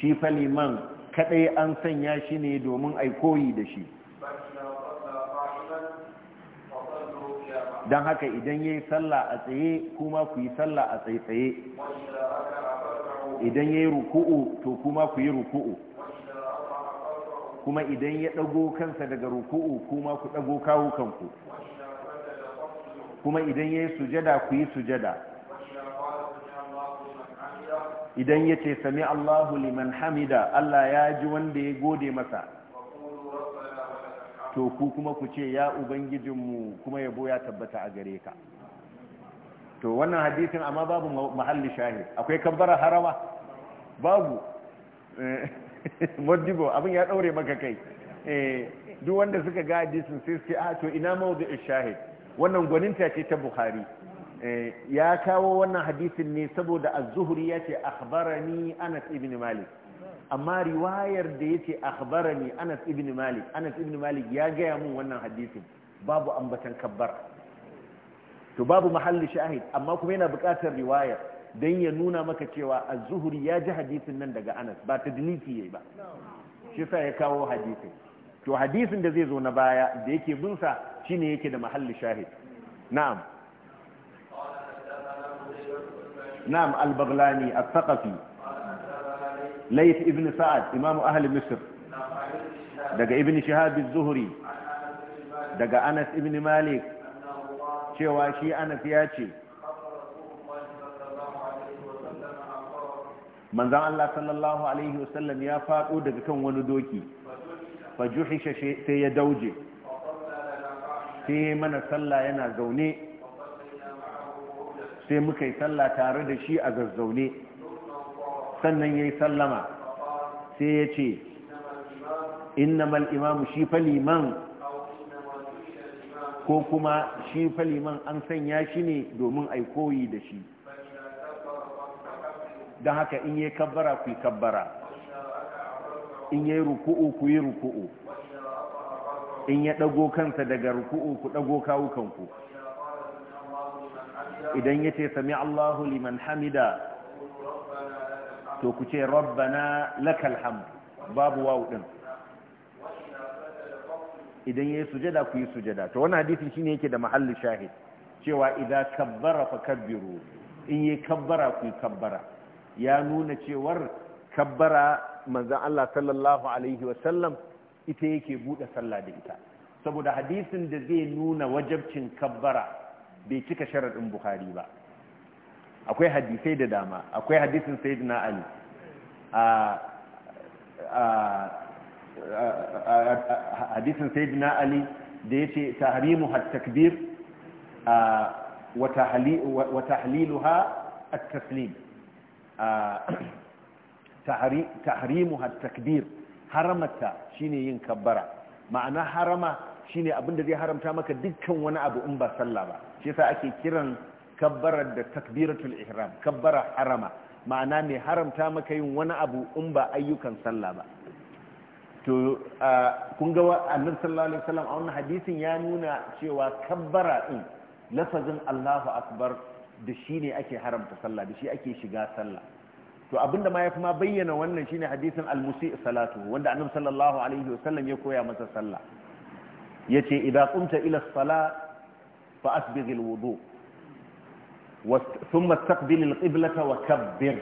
shi faliman kadai an sanya shi ne domin ai koyi da shi don haka idan ya yi sallah a tsaye kuma ku yi sallah a tsaye-tsaye idan ya yi ruku'u to kuma ku yi ruku'u kuma idan ya ɗago kansa daga ruku'u kuma ku ɗago kawo kanku kuma idan ya yi sujada ku yi sujada idan ya ce sami Allahu liman hamida Allah ya ji wanda ya gode masa to ku kuma ku ce ya ubangijinmu kuma yabo ya tabbata a gare ka to wannan hadisin amma babu mahalli shahid akwai kabbara harawa, babu eh, (laughs) modibo abin ya daure maka kai eh, duk wanda suka ga hadisin sai sai a ah, to ina mawdu'ish shahid wannan gwaninta ce ta bukhari Eh, ya kawo wannan hadisin ne saboda az-zuhri yace akhbarani Anas ibn Malik amma riwayar da yace akhbarani Anas ibn Malik Anas ibn Malik ya gaya mun wannan hadisin babu ambatan kabbar to babu mahalli shahid amma kuma yana buƙatar riwayar dan ya nuna maka cewa az-zuhri ya ji hadisin nan daga Anas ba tadlisi yayi ba shi sa ya kawo hadisin to hadisin da zai zo na baya da yake bin sa shine yake da mahalli shahid na'am نعم البغلاني الثقفي ليث ابن سعد إمام أهل مصر دقى ابن شهاب الزهري دقى أنس ابن مالك شواشي أنس ياتي من ذا الله صلى الله عليه وسلم يا فاقو دقى كان وندوكي فجحش سيدوجي sai mana sallah yana zaune sai muka yi sallah tare da shi a zazzaune sannan ya yi sallama sai ya ce innamal imamu shi faliman ko kuma shi faliman an sanya shi ne domin a koyi da shi don haka in yi kabbara ku yi kabbara in yi ruku'u ku yi ruku'u in ya ɗago kansa daga ruku'u ku ɗago kawukanku idan ya ce sami Allahu liman hamida to ku ce rabbana lakal hamd babu wawu din idan yayi sujada ku yi sujada to wannan hadisin shine yake da mahalli shahid cewa idan kabbara fa in yayi kabbara ku yi kabbara ya nuna cewar kabbara manzon Allah sallallahu alaihi wa sallam ita yake bude sallah da ita saboda hadisin da zai nuna wajabcin kabbara bai cika sharaɗin bukhari ba akwai hadisai da dama akwai hadisin sayyidina ali a hadisin sayyidina ali da ya ce tahrimu hattakbir wa tahliluha at-taslim tahrimu hattakbir haramata shine yin kabbara ma'ana harama shine abinda zai haramta maka dukkan wani abu in ba sallah ba shi yasa ake kiran kabbarar da takbiratul ihram kabbara harama ma'ana mai haramta maka yin wani abu in ba ayyukan sallah ba to kun ga annabi sallallahu alaihi wasallam a wannan hadisin ya nuna cewa kabbara din lafazin Allahu akbar da shi ne ake haramta sallah da shi ake shiga sallah to abinda ma ya kuma bayyana wannan shine hadisin al-musi salatu wanda annabi sallallahu alaihi wasallam ya koya masa sallah yace idza qumta ila salat فأسبغ الوضوء ثم استقبل القبلة وكبر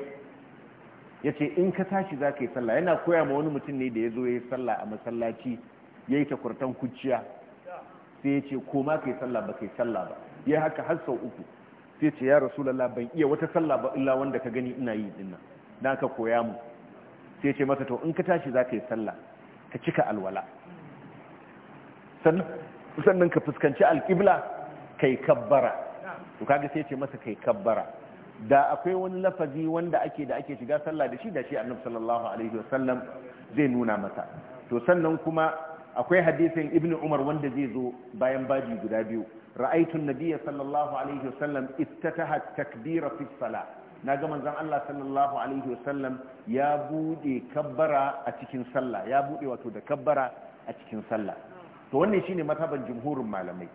yace in ka tashi za yi sallah yana koya ma wani mutum ne da ya zo ya yi sallah a masallaci ya yi takurtan kuciya sai ya ce ko ma ka sallah ba ka yi sallah ba ya haka har sau uku sai ce ya rasulallah ban iya wata sallah ba illa wanda ka gani ina yi dinna na ka koya mu sai ce masa to in ka tashi za ka yi sallah ka cika alwala sannan ka fuskanci alƙibla kai kabbara to kaga sai ce masa kai kabbara da akwai wani lafazi wanda ake da ake shiga sallah da shi da shi annabi sallallahu alaihi wasallam zai nuna masa to sannan kuma akwai hadisin ibnu umar wanda zai zo bayan baji guda biyu ra'aytu an-nabiyya sallallahu alaihi wasallam ittataha takbira fi salah naga manzon Allah sallallahu alaihi wasallam ya bude kabbara a cikin sallah ya bude wato da kabbara a cikin sallah to wannan shine mataban jumhurin malamai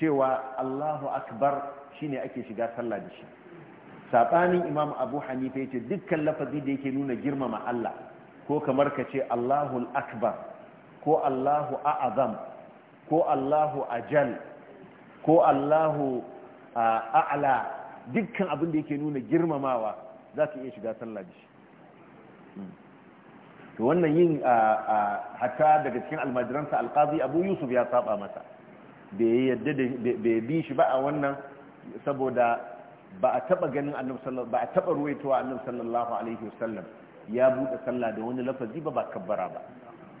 cewa Allahu akbar shine ake shiga sallah da shi sabanin Imam Abu Hanifa yace dukkan lafazi da yake nuna girmama Allah ko kamar ka ce Allahu akbar ko Allahu a'azam ko Allahu ajal ko Allahu a'la dukkan abin da yake nuna girmamawa ka iya shiga sallah da shi hmm. to wannan yin hatta daga cikin almajiransa alqazi Abu Yusuf ya saba masa bai bi shi ba a wannan saboda ba a taba ganin annabi sallallahu ba a taba ruwaitowa annabi sallallahu alaihi wasallam ya bude sallah da wani lafazi ba ba kabbara ba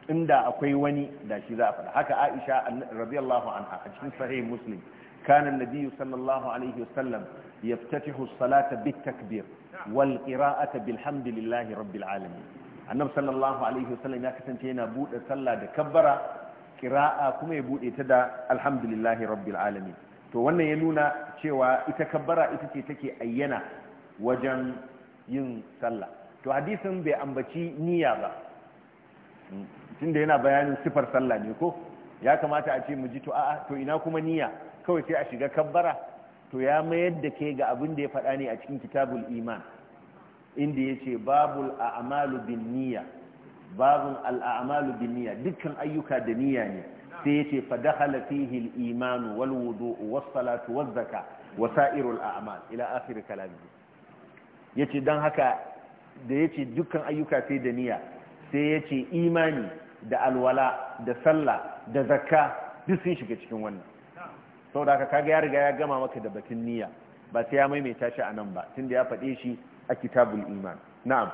inda akwai wani da shi za a faɗa haka Aisha radiyallahu anha a cikin sahih Muslim kana an-nabi sallallahu alaihi wasallam yaftatihu as-salata bit-takbir wal qira'ata bilhamdillahi rabbil alamin annabi sallallahu alaihi wasallam ya kasance yana bude sallah da kabbara kira'a kuma ya bude ta da alhamdulillahi rabbil alami to wannan ya nuna cewa ita kabbara ita ce take ayyana wajen yin sallah to hadisin bai ambaci niyya ba tunda yana bayanin sifar sallah ne ko ya kamata a ce mu ji to a'a to ina kuma niyya kawai sai a shiga kabbara to ya mayar da ke ga abin da ya faɗa ne a cikin kitabul iman inda yace ce babul a'malu bin niyya babun al'amalu bin niyya dukkan ayyuka da niyya ne sai yace fa dakhala fihi al-iman wal was salatu waz zaka wa sa'irul a'mal ila akhir kalamihi yace dan haka da yace dukkan ayyuka sai da niyya sai yace imani da alwala da sallah da zakka duk sun shiga cikin wannan saboda haka kaga ya riga ya gama maka da batun niyya ba sai ya maimaita shi a nan ba tunda ya faɗe shi a kitabul iman na'am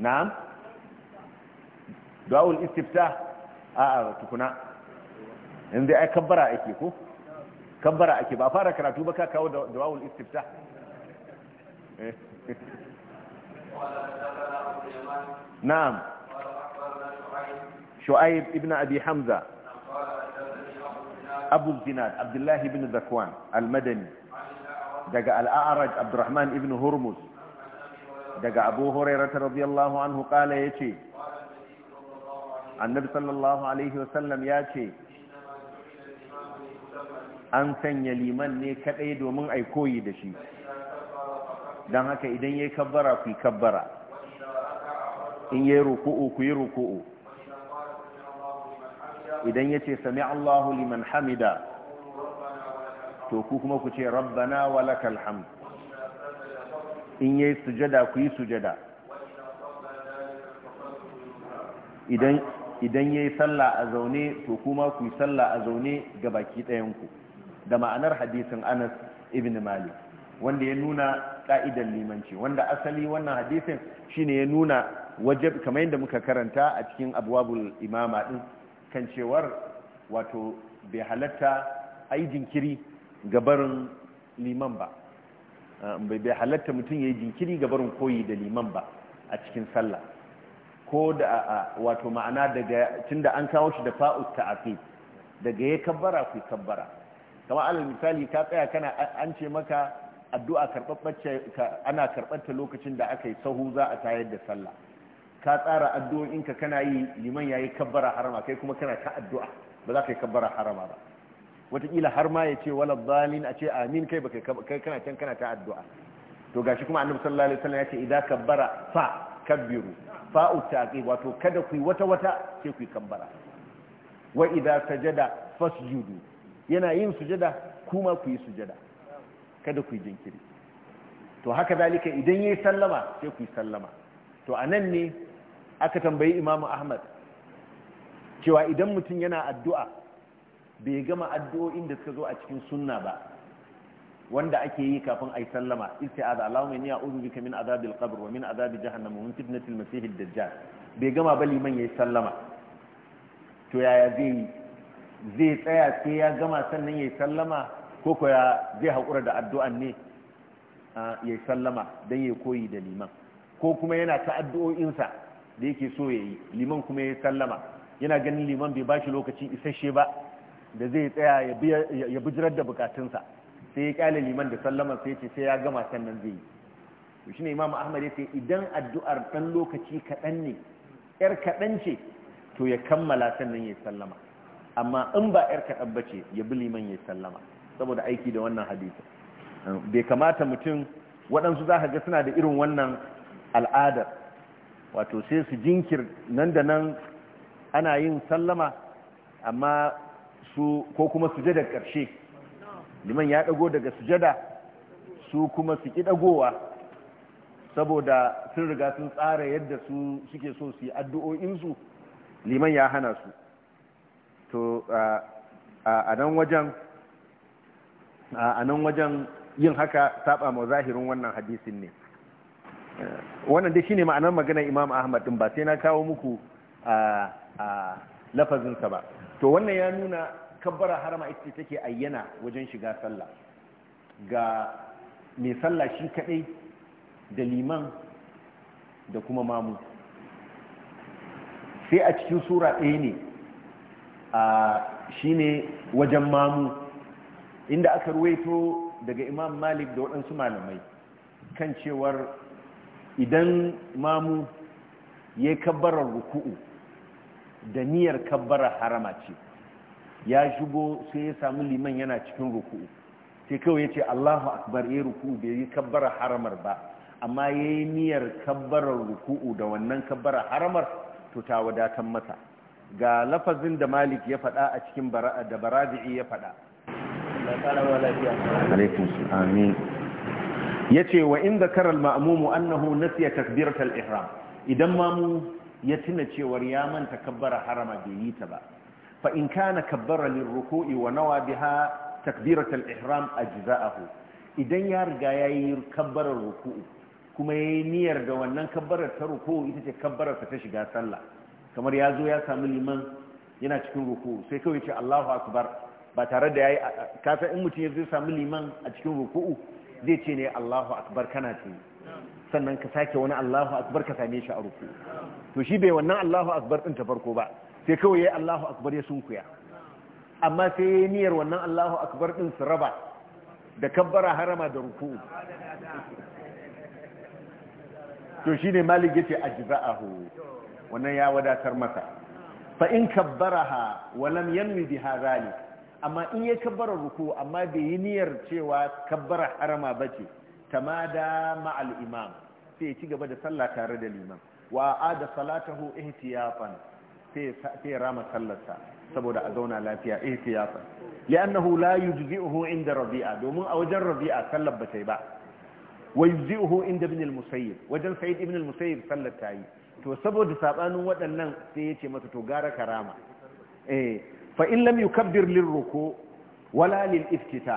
na'am du'a'ul istiftah a'a tukuna in dai ai kabbara ake ko kabbara ake ba fara karatu ba ka kawo du'a'ul istiftah na'am shu'aib ibn abi hamza abu zinad abdullah ibn zakwan al-madani daga al-a'raj abdurrahman ibn hurmuz daga abu hurairah radiyallahu anhu qala yace annabi sallallahu alaihi wasallam ya ce an sanya liman ne kadai domin ai koyi da shi don haka idan ya yi kabbara ku kabbara in ya yi ruku'u ku yi ruku'u idan yace sami Allahu liman hamida to ku kuma ku ce rabbana walakal hamd in yi sujada ku yi sujada idan idan ya yi sallah a zaune to kuma ku yi sallah a zaune ga baki ɗayanku da ma'anar hadisin anas ibn malik wanda ya nuna ƙa'idar limanci wanda asali wannan hadisin shine ya nuna wajib kamar yadda muka karanta a cikin abwabul imama ɗin kan cewar wato bai halatta ai jinkiri ga barin liman ba bai halatta mutum ya yi jinkiri ga barin koyi da liman ba a cikin sallah ko da wato ma'ana daga da an kawo shi da ta afi daga ya kabbara ku kabbara kama alal misali ka tsaya kana an ce maka addu'a karɓaɓɓace ana karɓarta lokacin da aka yi sahu za a tayar da sallah ka tsara addu'o'inka kana yi liman yayi kabbara harama kai kuma kana ta addu'a ba za ka yi kabbara harama ba wataƙila har ma ya ce wala dalin a ce amin kai ba kai kana can kana ta addu'a to gashi kuma annabi sallallahu alaihi wasallam ya ce idan kabbara fa kabbiru fa'u taqib wato kada ku wata wata sai ku kambara. wa idza sajada judu yana yin sujada kuma ku yi sujada kada ku jinkiri to haka zalika idan yi sallama sai ku sallama to a nan ne aka tambayi imamu ahmad cewa idan mutum yana addu'a bai gama addu'o'in da suka zo a cikin sunna ba wanda ake yi kafin a yi sallama isti'aza Allahumma inni a'udhu bika min adhabil qabr wa min adhabi jahannam wa min fitnatil da dajjal bai gama ba liman yayi sallama to yaya zai yi zai tsaya sai ya gama sannan ya yi sallama ko ko ya zai hakura da addu'an ne yayi sallama dan yayi koyi da liman ko kuma yana ta addu'o'insa da yake so yayi liman kuma ya yi sallama yana ganin liman bai bashi lokaci isasshe ba da zai tsaya ya bijirar da bukatunsa sai ya kyale liman da sallama sai ce sai ya gama sannan zai yi to shine imam ahmad ya ce idan addu'ar dan lokaci kaɗan ne yar kaɗan ce to ya kammala sannan ya sallama amma in ba yar kaɗan ba ya bi liman ya sallama saboda aiki da wannan hadisi bai kamata mutum waɗansu za ka ga suna da irin wannan al'adar wato sai su jinkir nan da nan ana yin sallama amma su ko kuma su je da ƙarshe liman ya ɗago daga sujada su kuma su ki dagowa saboda sun riga sun tsara yadda su suke so su yi addu'o'insu liman ya hana su to a nan wajen a nan wajen yin haka saba ma zahirin wannan hadisin ne wannan dai shine ma'anar maganar imam ahmad din ba sai na kawo muku a lafazinsa ba to wannan ya nuna kabbara harama ita take ayyana wajen shiga sallah ga mai sallah shi kadai da liman da kuma mamu sai a cikin sura ɗaya ne a ne wajen mamu inda aka ruwaito daga imam malik da waɗansu malamai kan cewar idan mamu ya yi kabbarar ruku'u da niyyar kabbarar harama ce ya shigo sai ya samu liman yana cikin ruku'u sai kawai ya ce allahu akbar ya ruku'u bai yi kabbara haramar ba amma ya yi niyyar kabbarar ruku'u da wannan kabbara haramar to ta wadatan masa ga lafazin da malik ya faɗa a cikin da barazi'i ya faɗa ya ce wa inda karar ma'amumu annahu nasiya takbiratul ihram idan mamu ya tuna cewar ya manta kabbara harama bai yi ta ba fa in kana kabbara lirruku'i wa nawa biha takbiratul ihram ajza'ahu idan ya riga ya yi kabbara ruku'u kuma ya yi niyyar da wannan kabbara ta ruku'u ita ce kabbara ta shiga sallah kamar ya zo ya samu liman yana cikin ruku'u sai kawai ce Allahu akbar ba tare da yayi kasa in mutum ya zo samu liman a cikin ruku'u zai ce ne Allahu akbar kana ce sannan ka sake wani Allahu akbar ka same shi a ruku'u to shi bai wannan Allahu akbar din ta farko ba sai kawai ya yi Allahu akbar ya kuya amma sai ya yi niyyar wannan Allahu akbar ɗin su raba da kabbara harama da ruku'u to shi ne malik yace ajza'ahu wannan ya wadatar masa fa in kabbaraha wa lam yanwi biha zalik amma in ya kabbara ruku amma bai yi niyyar cewa kabbara harama bace tamada ma'al imam sai ya ci gaba da sallah tare da liman wa ada salatahu ihtiyafan sai ya rama sallarsa saboda a zauna lafiya in eh, siyasa li'annahu la yujzi'uhu inda rabi'a domin a wajen rabi'a sallar ba yi ba wa yujzi'uhu inda ibn al-musayyib wajen sa'id ibn al-musayyib sallar ta yi to saboda sabanin waɗannan sai ya ce masa to gara karama eh fa in lam yukabbir lirruku wala lil iftita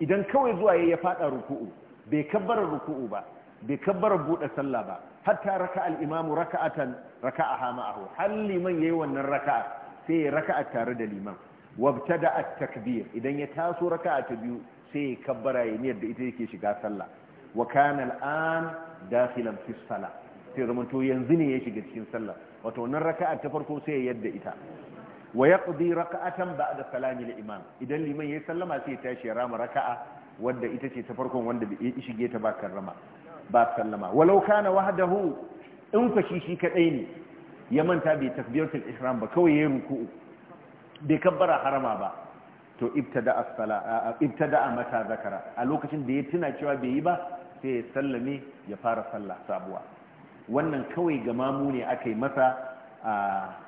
idan kawai zuwa yayi ya fada ruku'u bai kabbara ruku'u ba bai kabbara buɗe sallah ba hatta raka al'imamu raka'atan raka'a hama aho har liman ya yi wannan raka'a sai ya raka'a tare da liman wabta da takbir idan ya taso raka'a ta biyu sai ya kabbara ya niyar da ita yake shiga sallah wa kana al'an dakhilan fi sallah sai zamanto yanzu ne ya shiga cikin sallah wato wannan raka'a ta farko sai ya yadda ita wa yaqdi raka'atan da salami da imam idan liman ya sallama sai ya tashi ya rama raka'a Wadda ita ce ta farkon wanda bai shige ta ba karrama ba sallama walau kana wahadahu in ku shi shi kadai ne ya manta bai takbiratul ihram ba kawai yayin ruku'u bai kabbara harama ba to ibtada as-sala ibtada mata zakara a lokacin da ya tuna cewa bai yi ba sai ya sallame ya fara sallah sabuwa wannan kawai ga mamu ne akai masa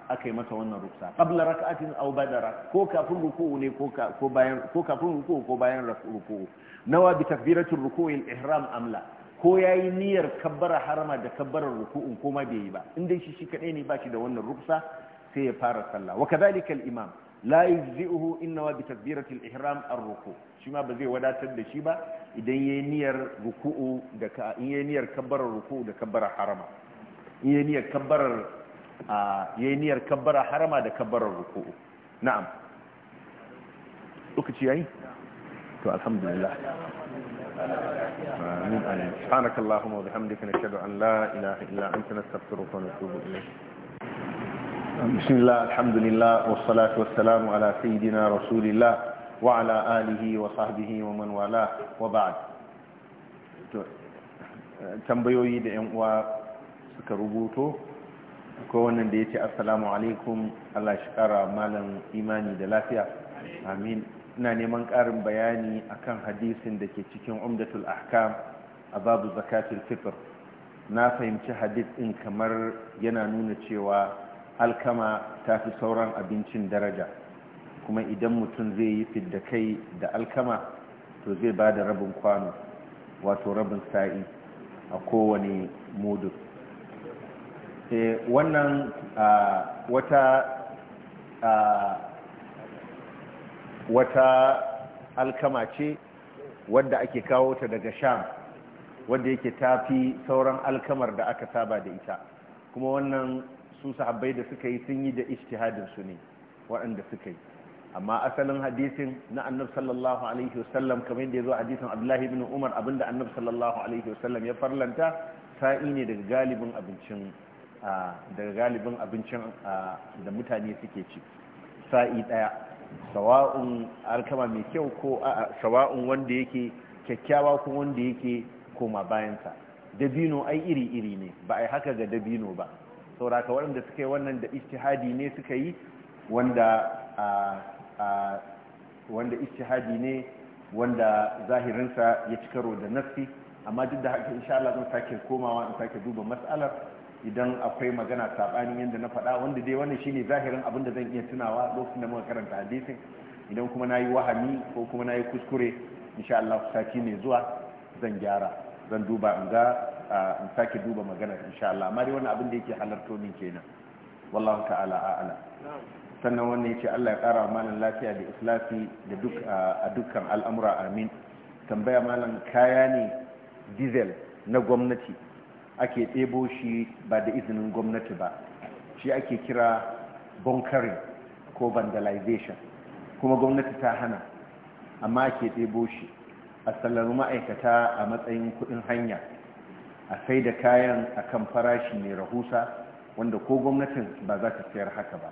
akai masa wannan ruksa qabla rak'atin aw badara ko kafin ruku'u ne ko ko bayan ko kafin ruku'u ko bayan ruku'u nawa bi takbiratul ruku'il ihram amla ko ya yi niyyar kabbara harama da kabbarar ruku'un ko ma bai yi ba inda shi shi kaɗai ne ba shi da wannan ruksa sai ya fara sallah wa kadhalika al-imam la inna wa bi takbirati al-ihram ar-ruku shi ma ba zai wadatar da shi ba idan yayi niyyar ruku'u da ka in yayi niyyar kabbarar ruku'u da kabbarar harama in yayi niyyar kabbarar yayi niyyar kabbarar harama da kabbarar ruku'u na'am lokaci yayi to alhamdulillah آمين آمين سبحانك اللهم وبحمدك نشهد أن لا إله إلا أنت نستغفرك ونتوب إليك بسم الله الحمد لله والصلاة والسلام على سيدنا رسول الله وعلى آله وصحبه ومن والاه وبعد tambayoyi da 'yan uwa suka rubuto akwai wannan da ya ce assalamu alaikum allah shi kara malam imani da lafiya amin ina neman ƙarin bayani akan hadisin da ke cikin umdatul ahkam a babu zakatul fitr na fahimci hadis ɗin kamar yana nuna cewa alkama ta fi sauran abincin daraja kuma idan mutum zai yi fidda kai da alkama to zai ba da rabin kwano wato rabin sa'i a kowane mudu eh, wannan ah, wata ah, wata alkama ce wadda ake kawo ta daga sham wadda yake tafi sauran alkamar da aka saba da ita kuma wannan su sahabbai da suka yi sun yi da ishtihadin su ne waɗanda suka yi amma asalin hadisin na annab sallallahu alaihi wasallam kamar yadda ya zo hadisin abdullahi ibn umar abinda annab sallallahu alaihi wasallam ya farlanta sa'i ne daga galibin abincin daga galibin abincin da mutane suke ci sa'i ɗaya sawa'un alkama mai kyau ko sawa'un wanda yake kyakkyawa ko wanda yake koma bayansa dabino ai iri-iri ne ba ai haka ga dabino ba sauraka waɗanda suka yi wannan da istihadi ne suka yi wanda wanda istihadi ne wanda zahirinsa ya ci karo da nafi amma duk da haka insha Allah zan sake komawa in sake duba mas'alar idan akwai magana saɓanin yadda na faɗa wanda dai wannan shine zahirin abin da zan iya tunawa lokacin da muka karanta hadisin idan kuma na yi wahami ko kuma na yi kuskure insha Allah sati mai zuwa zan gyara zan duba in ga in sake duba magana insha Allah amma dai wannan abin da yake halarto min kenan wallahu ta'ala a'ala sannan wannan yace Allah ya kara malan lafiya da islafi da duk a dukkan al'amura amin tambaya malam kaya ne diesel na gwamnati ake ɗebo shi ba da izinin gwamnati ba shi ake kira bunkering ko vandalization kuma gwamnati ta hana amma ake ɗebo shi a tsallar ma'aikata a matsayin kuɗin hanya a sai da kayan a kan farashi mai rahusa wanda ko gwamnatin ba za ta sayar haka ba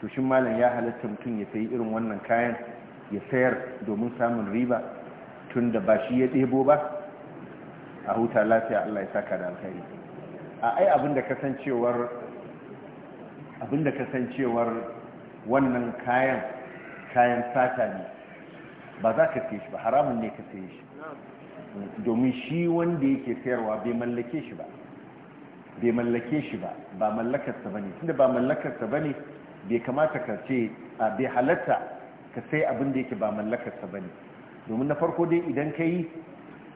to shi malam ya halatta mutum ya sayi irin wannan kayan ya sayar domin samun riba tun da ba shi ya ɗebo ba a huta lafiya Allah ya saka da alkhairi a ai abinda kasancewar abinda kasancewar wannan kayan kayan sata ne ba za ka siye shi ba haramun ne ka siye shi domin shi wanda yake sayarwa bai mallake shi ba bai mallake shi ba ba mallakarsa ba ne tunda ba mallakarsa ba ne bai kamata ka ce a bai halatta ka sai abin da yake ba mallakarsa ba ne domin na farko dai idan ka yi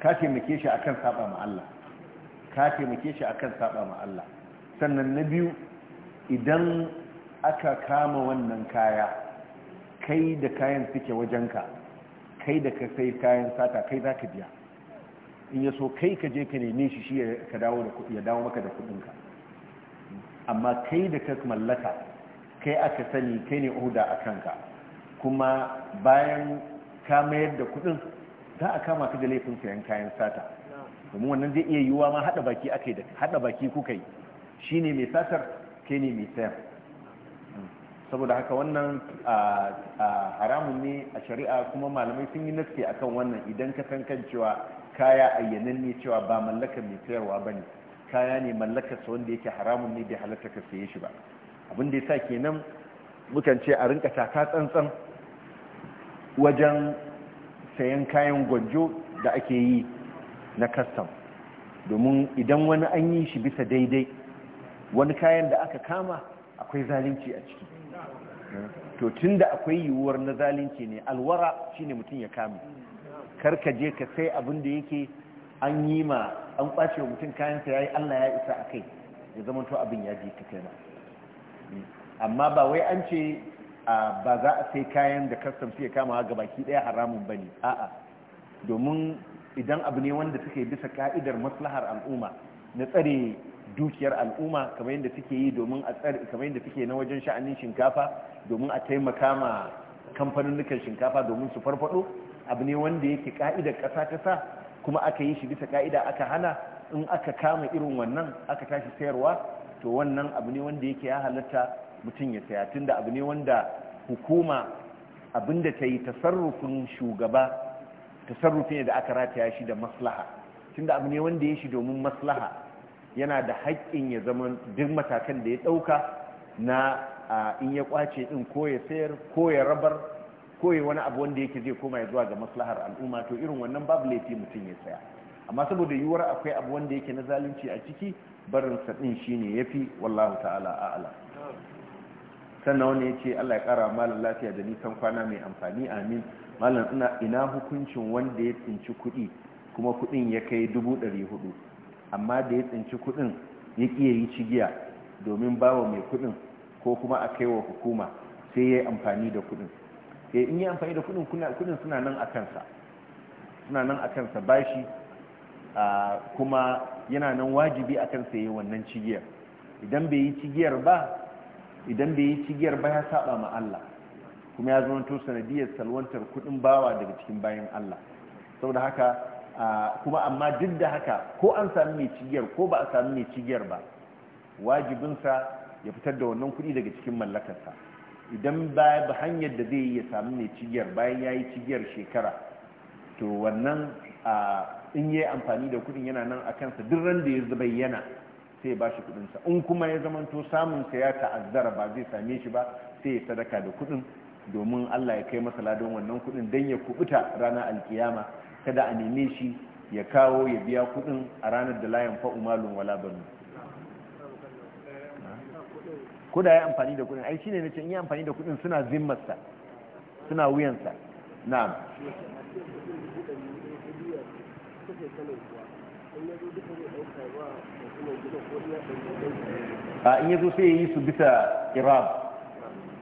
ka taimake shi akan saba ma Allah ka taimake shi akan saba ma Allah sannan na biyu idan aka kama wannan kaya kai da kayan suke wajenka kai da ka sai kayan sata kai zaka ka biya in ya so kai ka je ka neme shi shi ya dawo maka da kuɗinka amma kai da ka mallaka kai aka sani kai ne oda akan ka kuma bayan ka mayar da kudin za a kama ka da laifin sayan kayan sata domin wannan zai iya yiwuwa ma hada baki akai da hada baki kuka yi shine mai satar ke ne mai sayar saboda haka wannan haramun ne a shari'a kuma malamai sun yi naske akan wannan idan ka san kan cewa kaya ayyanan ne cewa ba mallakar mai sayarwa ba ne kaya ne mallakarsa wanda yake haramun ne bai halatta ka saye shi ba abin da ya sa kenan mukan ce a rinka taka tsantsan wajen sayan kayan gwanjo da ake yi na kastam domin idan wani an yi shi bisa daidai wani kayan da aka kama akwai zalunci a ciki to tun da akwai yiwuwar na zalunci ne alwara shine mutum ya kame karka je ka sai abin da yake an yi ma an kwace wa mutum kayansa ya yi allah ya isa a kai ya zama to abin ya ji ta amma ba wai an ce ba za a sai kayan da kastam suke kama ga baki ɗaya haramun ba ne. a'a domin idan abu ne wanda suke bisa ka'idar maslahar al'umma na tsare dukiyar al'umma kamar yadda suke yi domin a tsare kamar yadda suke na wajen sha'anin shinkafa domin a taimaka ma kamfanin shinkafa domin su farfado abu ne wanda yake ka'idar ƙasa ta sa kuma aka yi shi bisa ka'ida aka hana in aka kama irin wannan aka tashi sayarwa to wannan abu ne wanda yake ya halatta mutum ya saya tunda abu ne wanda hukuma abinda ta yi tasarrufin shugaba tasarrufi ne da aka rataya shi da maslaha tunda abu ne wanda ya shi domin maslaha yana da haƙƙin ya zama duk matakan da ya ɗauka na in ya kwace ɗin ko ya sayar ko ya rabar ko ya wani abu wanda yake zai koma ya zuwa ga maslahar al'umma to irin wannan babu laifi mutum ya saya amma saboda yiwuwar akwai abu wanda yake na zalunci a ciki barin ɗin shine yafi wallahu ta'ala a'ala sannan wani ya ce allah ya kara malam lafiya da nisan kwana mai amfani amin malam ina ina hukuncin wanda ya tsinci kuɗi kuma kuɗin ya kai dubu ɗari hudu amma da ya tsinci kuɗin ya ƙiye yi cigiya domin bawa mai kuɗin ko kuma a kai wa hukuma sai ya yi amfani da kuɗin e in yi amfani da kuɗin kuɗin suna nan a kansa suna nan a kansa bashi kuma yana nan wajibi a kansa ya yi wannan cigiyar idan bai yi cigiyar ba idan bai yi cigiyar ba ya saba ma Allah kuma ya zama to sanadiyar salwantar kudin bawa daga cikin bayan Allah saboda haka kuma amma duk da haka ko an sami mai cigiyar ko ba a sami mai cigiyar ba wajibinsa ya fitar da wannan kudi daga cikin mallakarsa idan ba hanyar da zai yi ya sami mai cigiyar bayan ya yi cigiyar shekara to wannan in yi amfani da kudin yana nan a kansa duk ran da ya bayyana sai ba shi kudinsa in kuma ya zamanto samunsa ya ta'azzara ba zai same shi ba sai ya sadaka da kudin domin allah ya kai masa ladan wannan kudin dan ya kubuta ranar alkiyama kada a neme shi ya kawo ya biya kudin a ranar da layan umalun wala banu kuda ya amfani da kudin ai shine ce in yi amfani da kudin suna zimmarsa suna wuyansa na'am a in yazo sai yi su bisa irab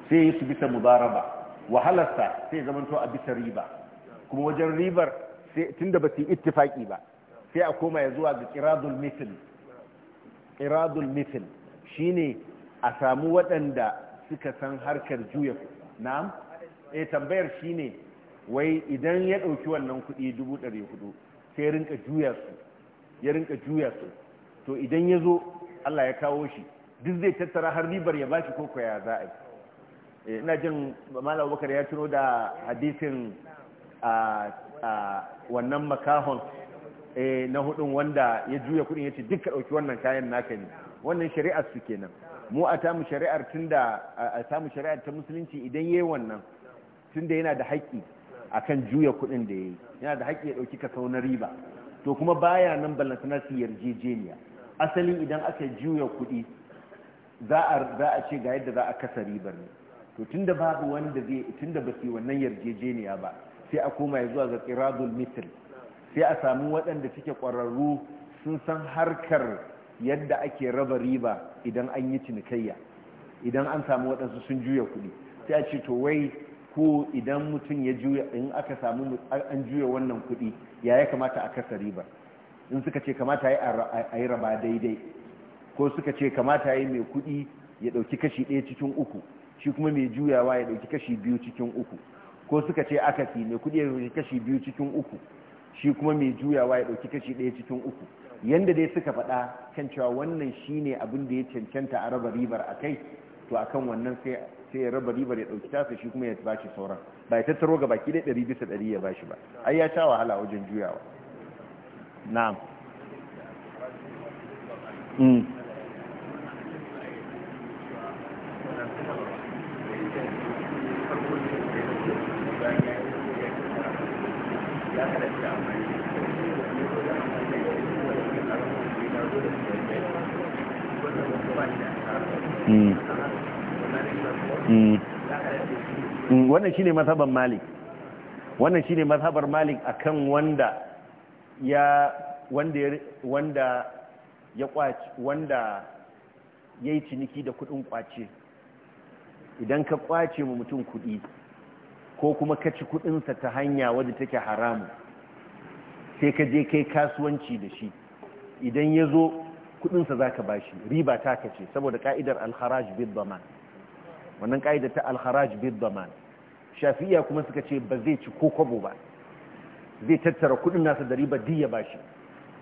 sai yi su bisa mubaraba wahalarsa sai zamanto a bisa riba kuma wajen ribar tunda ba su yi ittifaki ba sai a koma ya zuwa ga iradul mithil iradul mithil shine a samu waɗanda suka san harkar juya na'am eh tambayar shine wai idan ya ɗauki wannan kuɗi 400 sai rinka juya su ya rinka juya su to idan ya zo Allah ya kawo shi duk zai tattara har ribar ya bashi ko koya za a yi eh, ina jin malam abubakar ya tuno da hadisin a wannan makahon eh, na hudun wanda ya juya kudin ya ce duk ka ɗauki wannan kayan naka ne wannan shari'ar su kenan mu a tamu shari'ar tun da a tamu shari'ar ta musulunci idan yayi wannan tun yana da haƙƙi akan juya kudin da yayi yana da haƙƙi ya ɗauki kaso na riba to kuma baya nan ballantana su yarjejeniya asali idan aka juya kuɗi za a ce ga yadda za a kasa ribar ne to tunda babu wanda zai tunda ba su wannan yarjejeniya ba sai a koma zuwa ga tsiradul mithl sai a samu waɗanda suke ƙwararru sun san harkar yadda ake raba riba idan an yi cinikayya idan an samu waɗansu sun juya kuɗi sai a ce to wai ko idan mutum ya juya in aka samu an juya wannan kuɗi ya ya kamata a kasa ribar in suka ce kamata a yi raba daidai ko suka ce kamata yi mai kuɗi ya ɗauki kashi ɗaya cikin uku shi kuma mai juyawa ya ɗauki kashi biyu cikin uku ko suka ce akasi mai kuɗi ya ɗauki kashi biyu cikin uku shi kuma mai juyawa ya ɗauki kashi ɗaya cikin uku yanda dai suka faɗa kan cewa wannan shine abin da ya cancanta a raba ribar a kai to akan wannan sai ya raba ribar ya dauki tasa shi kuma ya bashi sauran ba ya tattaro ga baki da dari bisa dari ya bashi ba ai ya sha wahala wajen juyawa na'am hmm. wannan shine mazhabar malik wannan shine mazhabar malik akan wanda ya wanda wanda ya kwaci wanda yayi ciniki da kudin kwace idan ka kwace mu mutum kudi ko kuma ka ci sa ta hanya wadda take haramu sai ka je kai kasuwanci da shi idan ya zo sa zaka ka bashi riba ta kace saboda ka'idar alharaj bid daman wannan ka'idar ta alharaj bid daman Shafiya kuma suka ce ba zai ci ko kwabo ba zai tattara kudin nasa da riba diya ba shi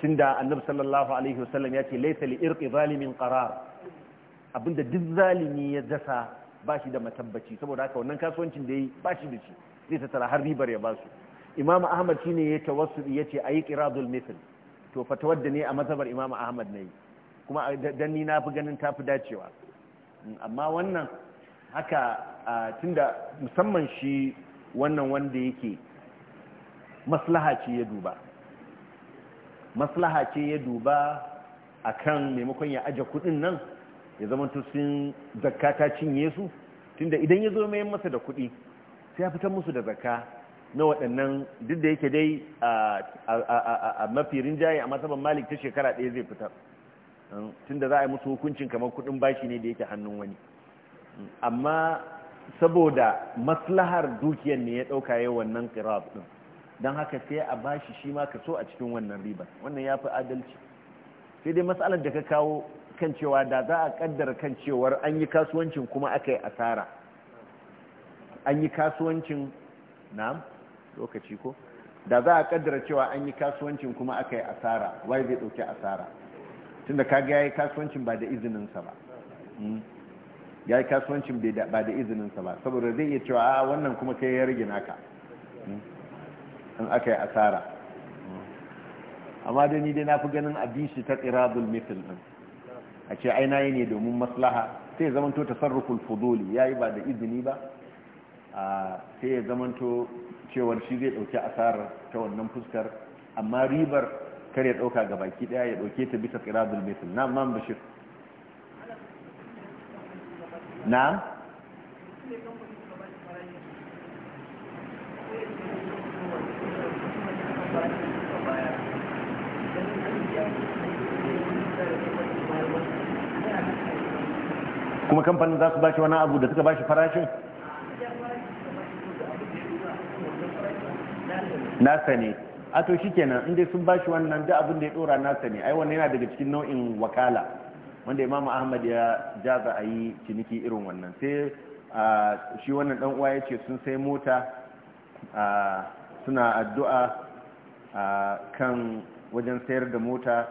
tunda annabi sallallahu alaihi wasallam ya ce laysa li irqi zalimin qarar abinda duk zalimi ya dasa ba shi da matabbaci saboda haka wannan kasuwancin da yi ba shi da shi zai tattara har ribar ya ba su imam ahmad shine ya ya ce ayi qiradul mithl to fatawar da ne a mazhabar imam ahmad nayi kuma dan ni na fi ganin tafi dacewa amma wannan haka tunda musamman shi wannan wanda yake maslaha ce ya duba maslaha ce ya duba a kan maimakon ya aje kudin nan ya zama sun zakka ta cinye su tunda idan ya zo mai masa da kudi sai ya fitar musu da zakka na waɗannan duk da yake dai a mafi rinjaye a masaban malik ta shekara ɗaya zai fitar tunda za a yi musu hukuncin kamar kudin bashi ne da yake hannun wani amma saboda maslahar dukiyar ne ya ɗauka yi wannan kirab ɗin don haka sai a bashi shi ma kaso a cikin wannan riba wannan ya fi adalci sai dai matsalar da ka kawo kan cewa da za a ƙaddara kan cewar an yi kasuwancin kuma aka yi asara an yi kasuwancin na lokaci ko da za a ƙaddara cewa an yi kasuwancin kuma aka yi asara wai zai ɗauki asara tunda ka ga ya yi kasuwancin ba da izininsa ba hmm. ya yi kasuwancin ba da izininsa ba saboda zai iya cewa a wannan kuma kai ya rage naka hmm? in aka yi asara hmm. amma da ni dai na fi ganin abin shi ta tsiradul mifil din a ce aina yi ne domin maslaha sai ya zamanto tasarruful fuduli ya yi ba da izini ba sai ya zamanto cewar shi zai ɗauki asara ta wannan fuskar amma ribar kar ya ɗauka ga baki ɗaya ya ɗauke ta bisa tsiradul mifil na mamba bashir na kuma kamfanin za su ba shi wani abu da suka ba shi farashin nasa ne a to shi kenan inda sun ba shi wannan da abin da ya dora nasa ne ai wannan yana daga cikin nau'in wakala wanda imamu ahmad ya jaza a yi ciniki irin wannan sai shi wannan dan uwa ya ce sun sai mota suna addu'a kan wajen sayar da mota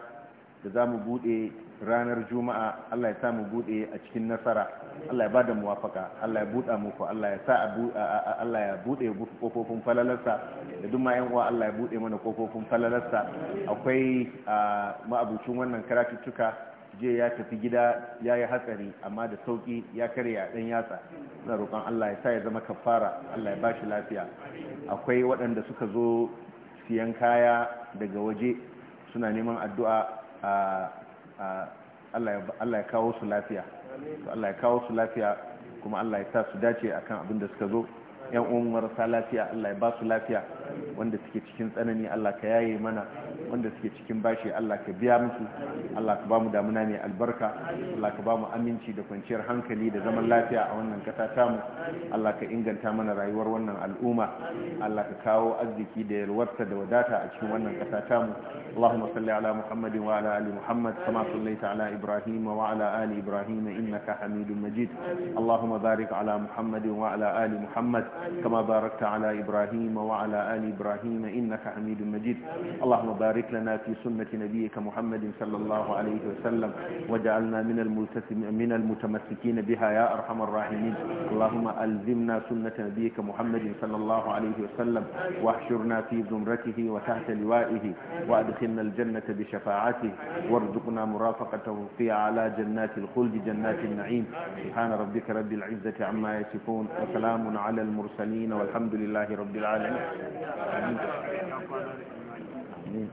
da za mu bude ranar juma'a allah ya sa mu bude a cikin nasara allah ya ba da muwafaka allah ya buɗa muku allah ya sa allah ya bude kofofin falalarsa da duk ma'yan uwa allah ya bude mana kofofin falalarsa akwai ma'abucin wannan karatuttuka je ya tafi gida ya yi hatsari amma da sauki ya karya dan yatsa na roƙon Allah ya sa ya zama kafara Allah ya bashi lafiya akwai waɗanda suka zo siyan kaya daga waje suna neman addu'a a Allah ya kawo su lafiya Allah ya kawo su lafiya kuma Allah ya sa su dace akan abin da suka zo yan uwan marasa lafiya Allah ya ba su lafiya wanda suke cikin tsanani Allah ka yaye mana wanda suke cikin bashi Allah ka biya musu Allah ka ba mu damuna mai albarka Allah ka ba mu aminci da kwanciyar hankali da zaman lafiya a wannan kasa tamu Allah ka inganta mana rayuwar wannan al'umma Allah ka kawo arziki da yalwarta da wadata a cikin wannan kasa tamu Allahumma salli ala Muhammadin wa ala ali Muhammad kama sallaita ala Ibrahim wa ala ali Ibrahim innaka Hamidum Majid Allahumma barik ala Muhammadin wa ala ali Muhammad kama barakta ala Ibrahim wa ala ali Ibrahim innaka Hamidum Majid Allahumma barik وبارك لنا في سنة نبيك محمد صلى الله عليه وسلم وجعلنا من من المتمسكين بها يا أرحم الراحمين اللهم ألزمنا سنة نبيك محمد صلى الله عليه وسلم واحشرنا في زمرته وتحت لوائه وأدخلنا الجنة بشفاعته وارزقنا مرافقته في على جنات الخلد جنات النعيم سبحان ربك رب العزة عما يصفون وسلام على المرسلين والحمد لله رب العالمين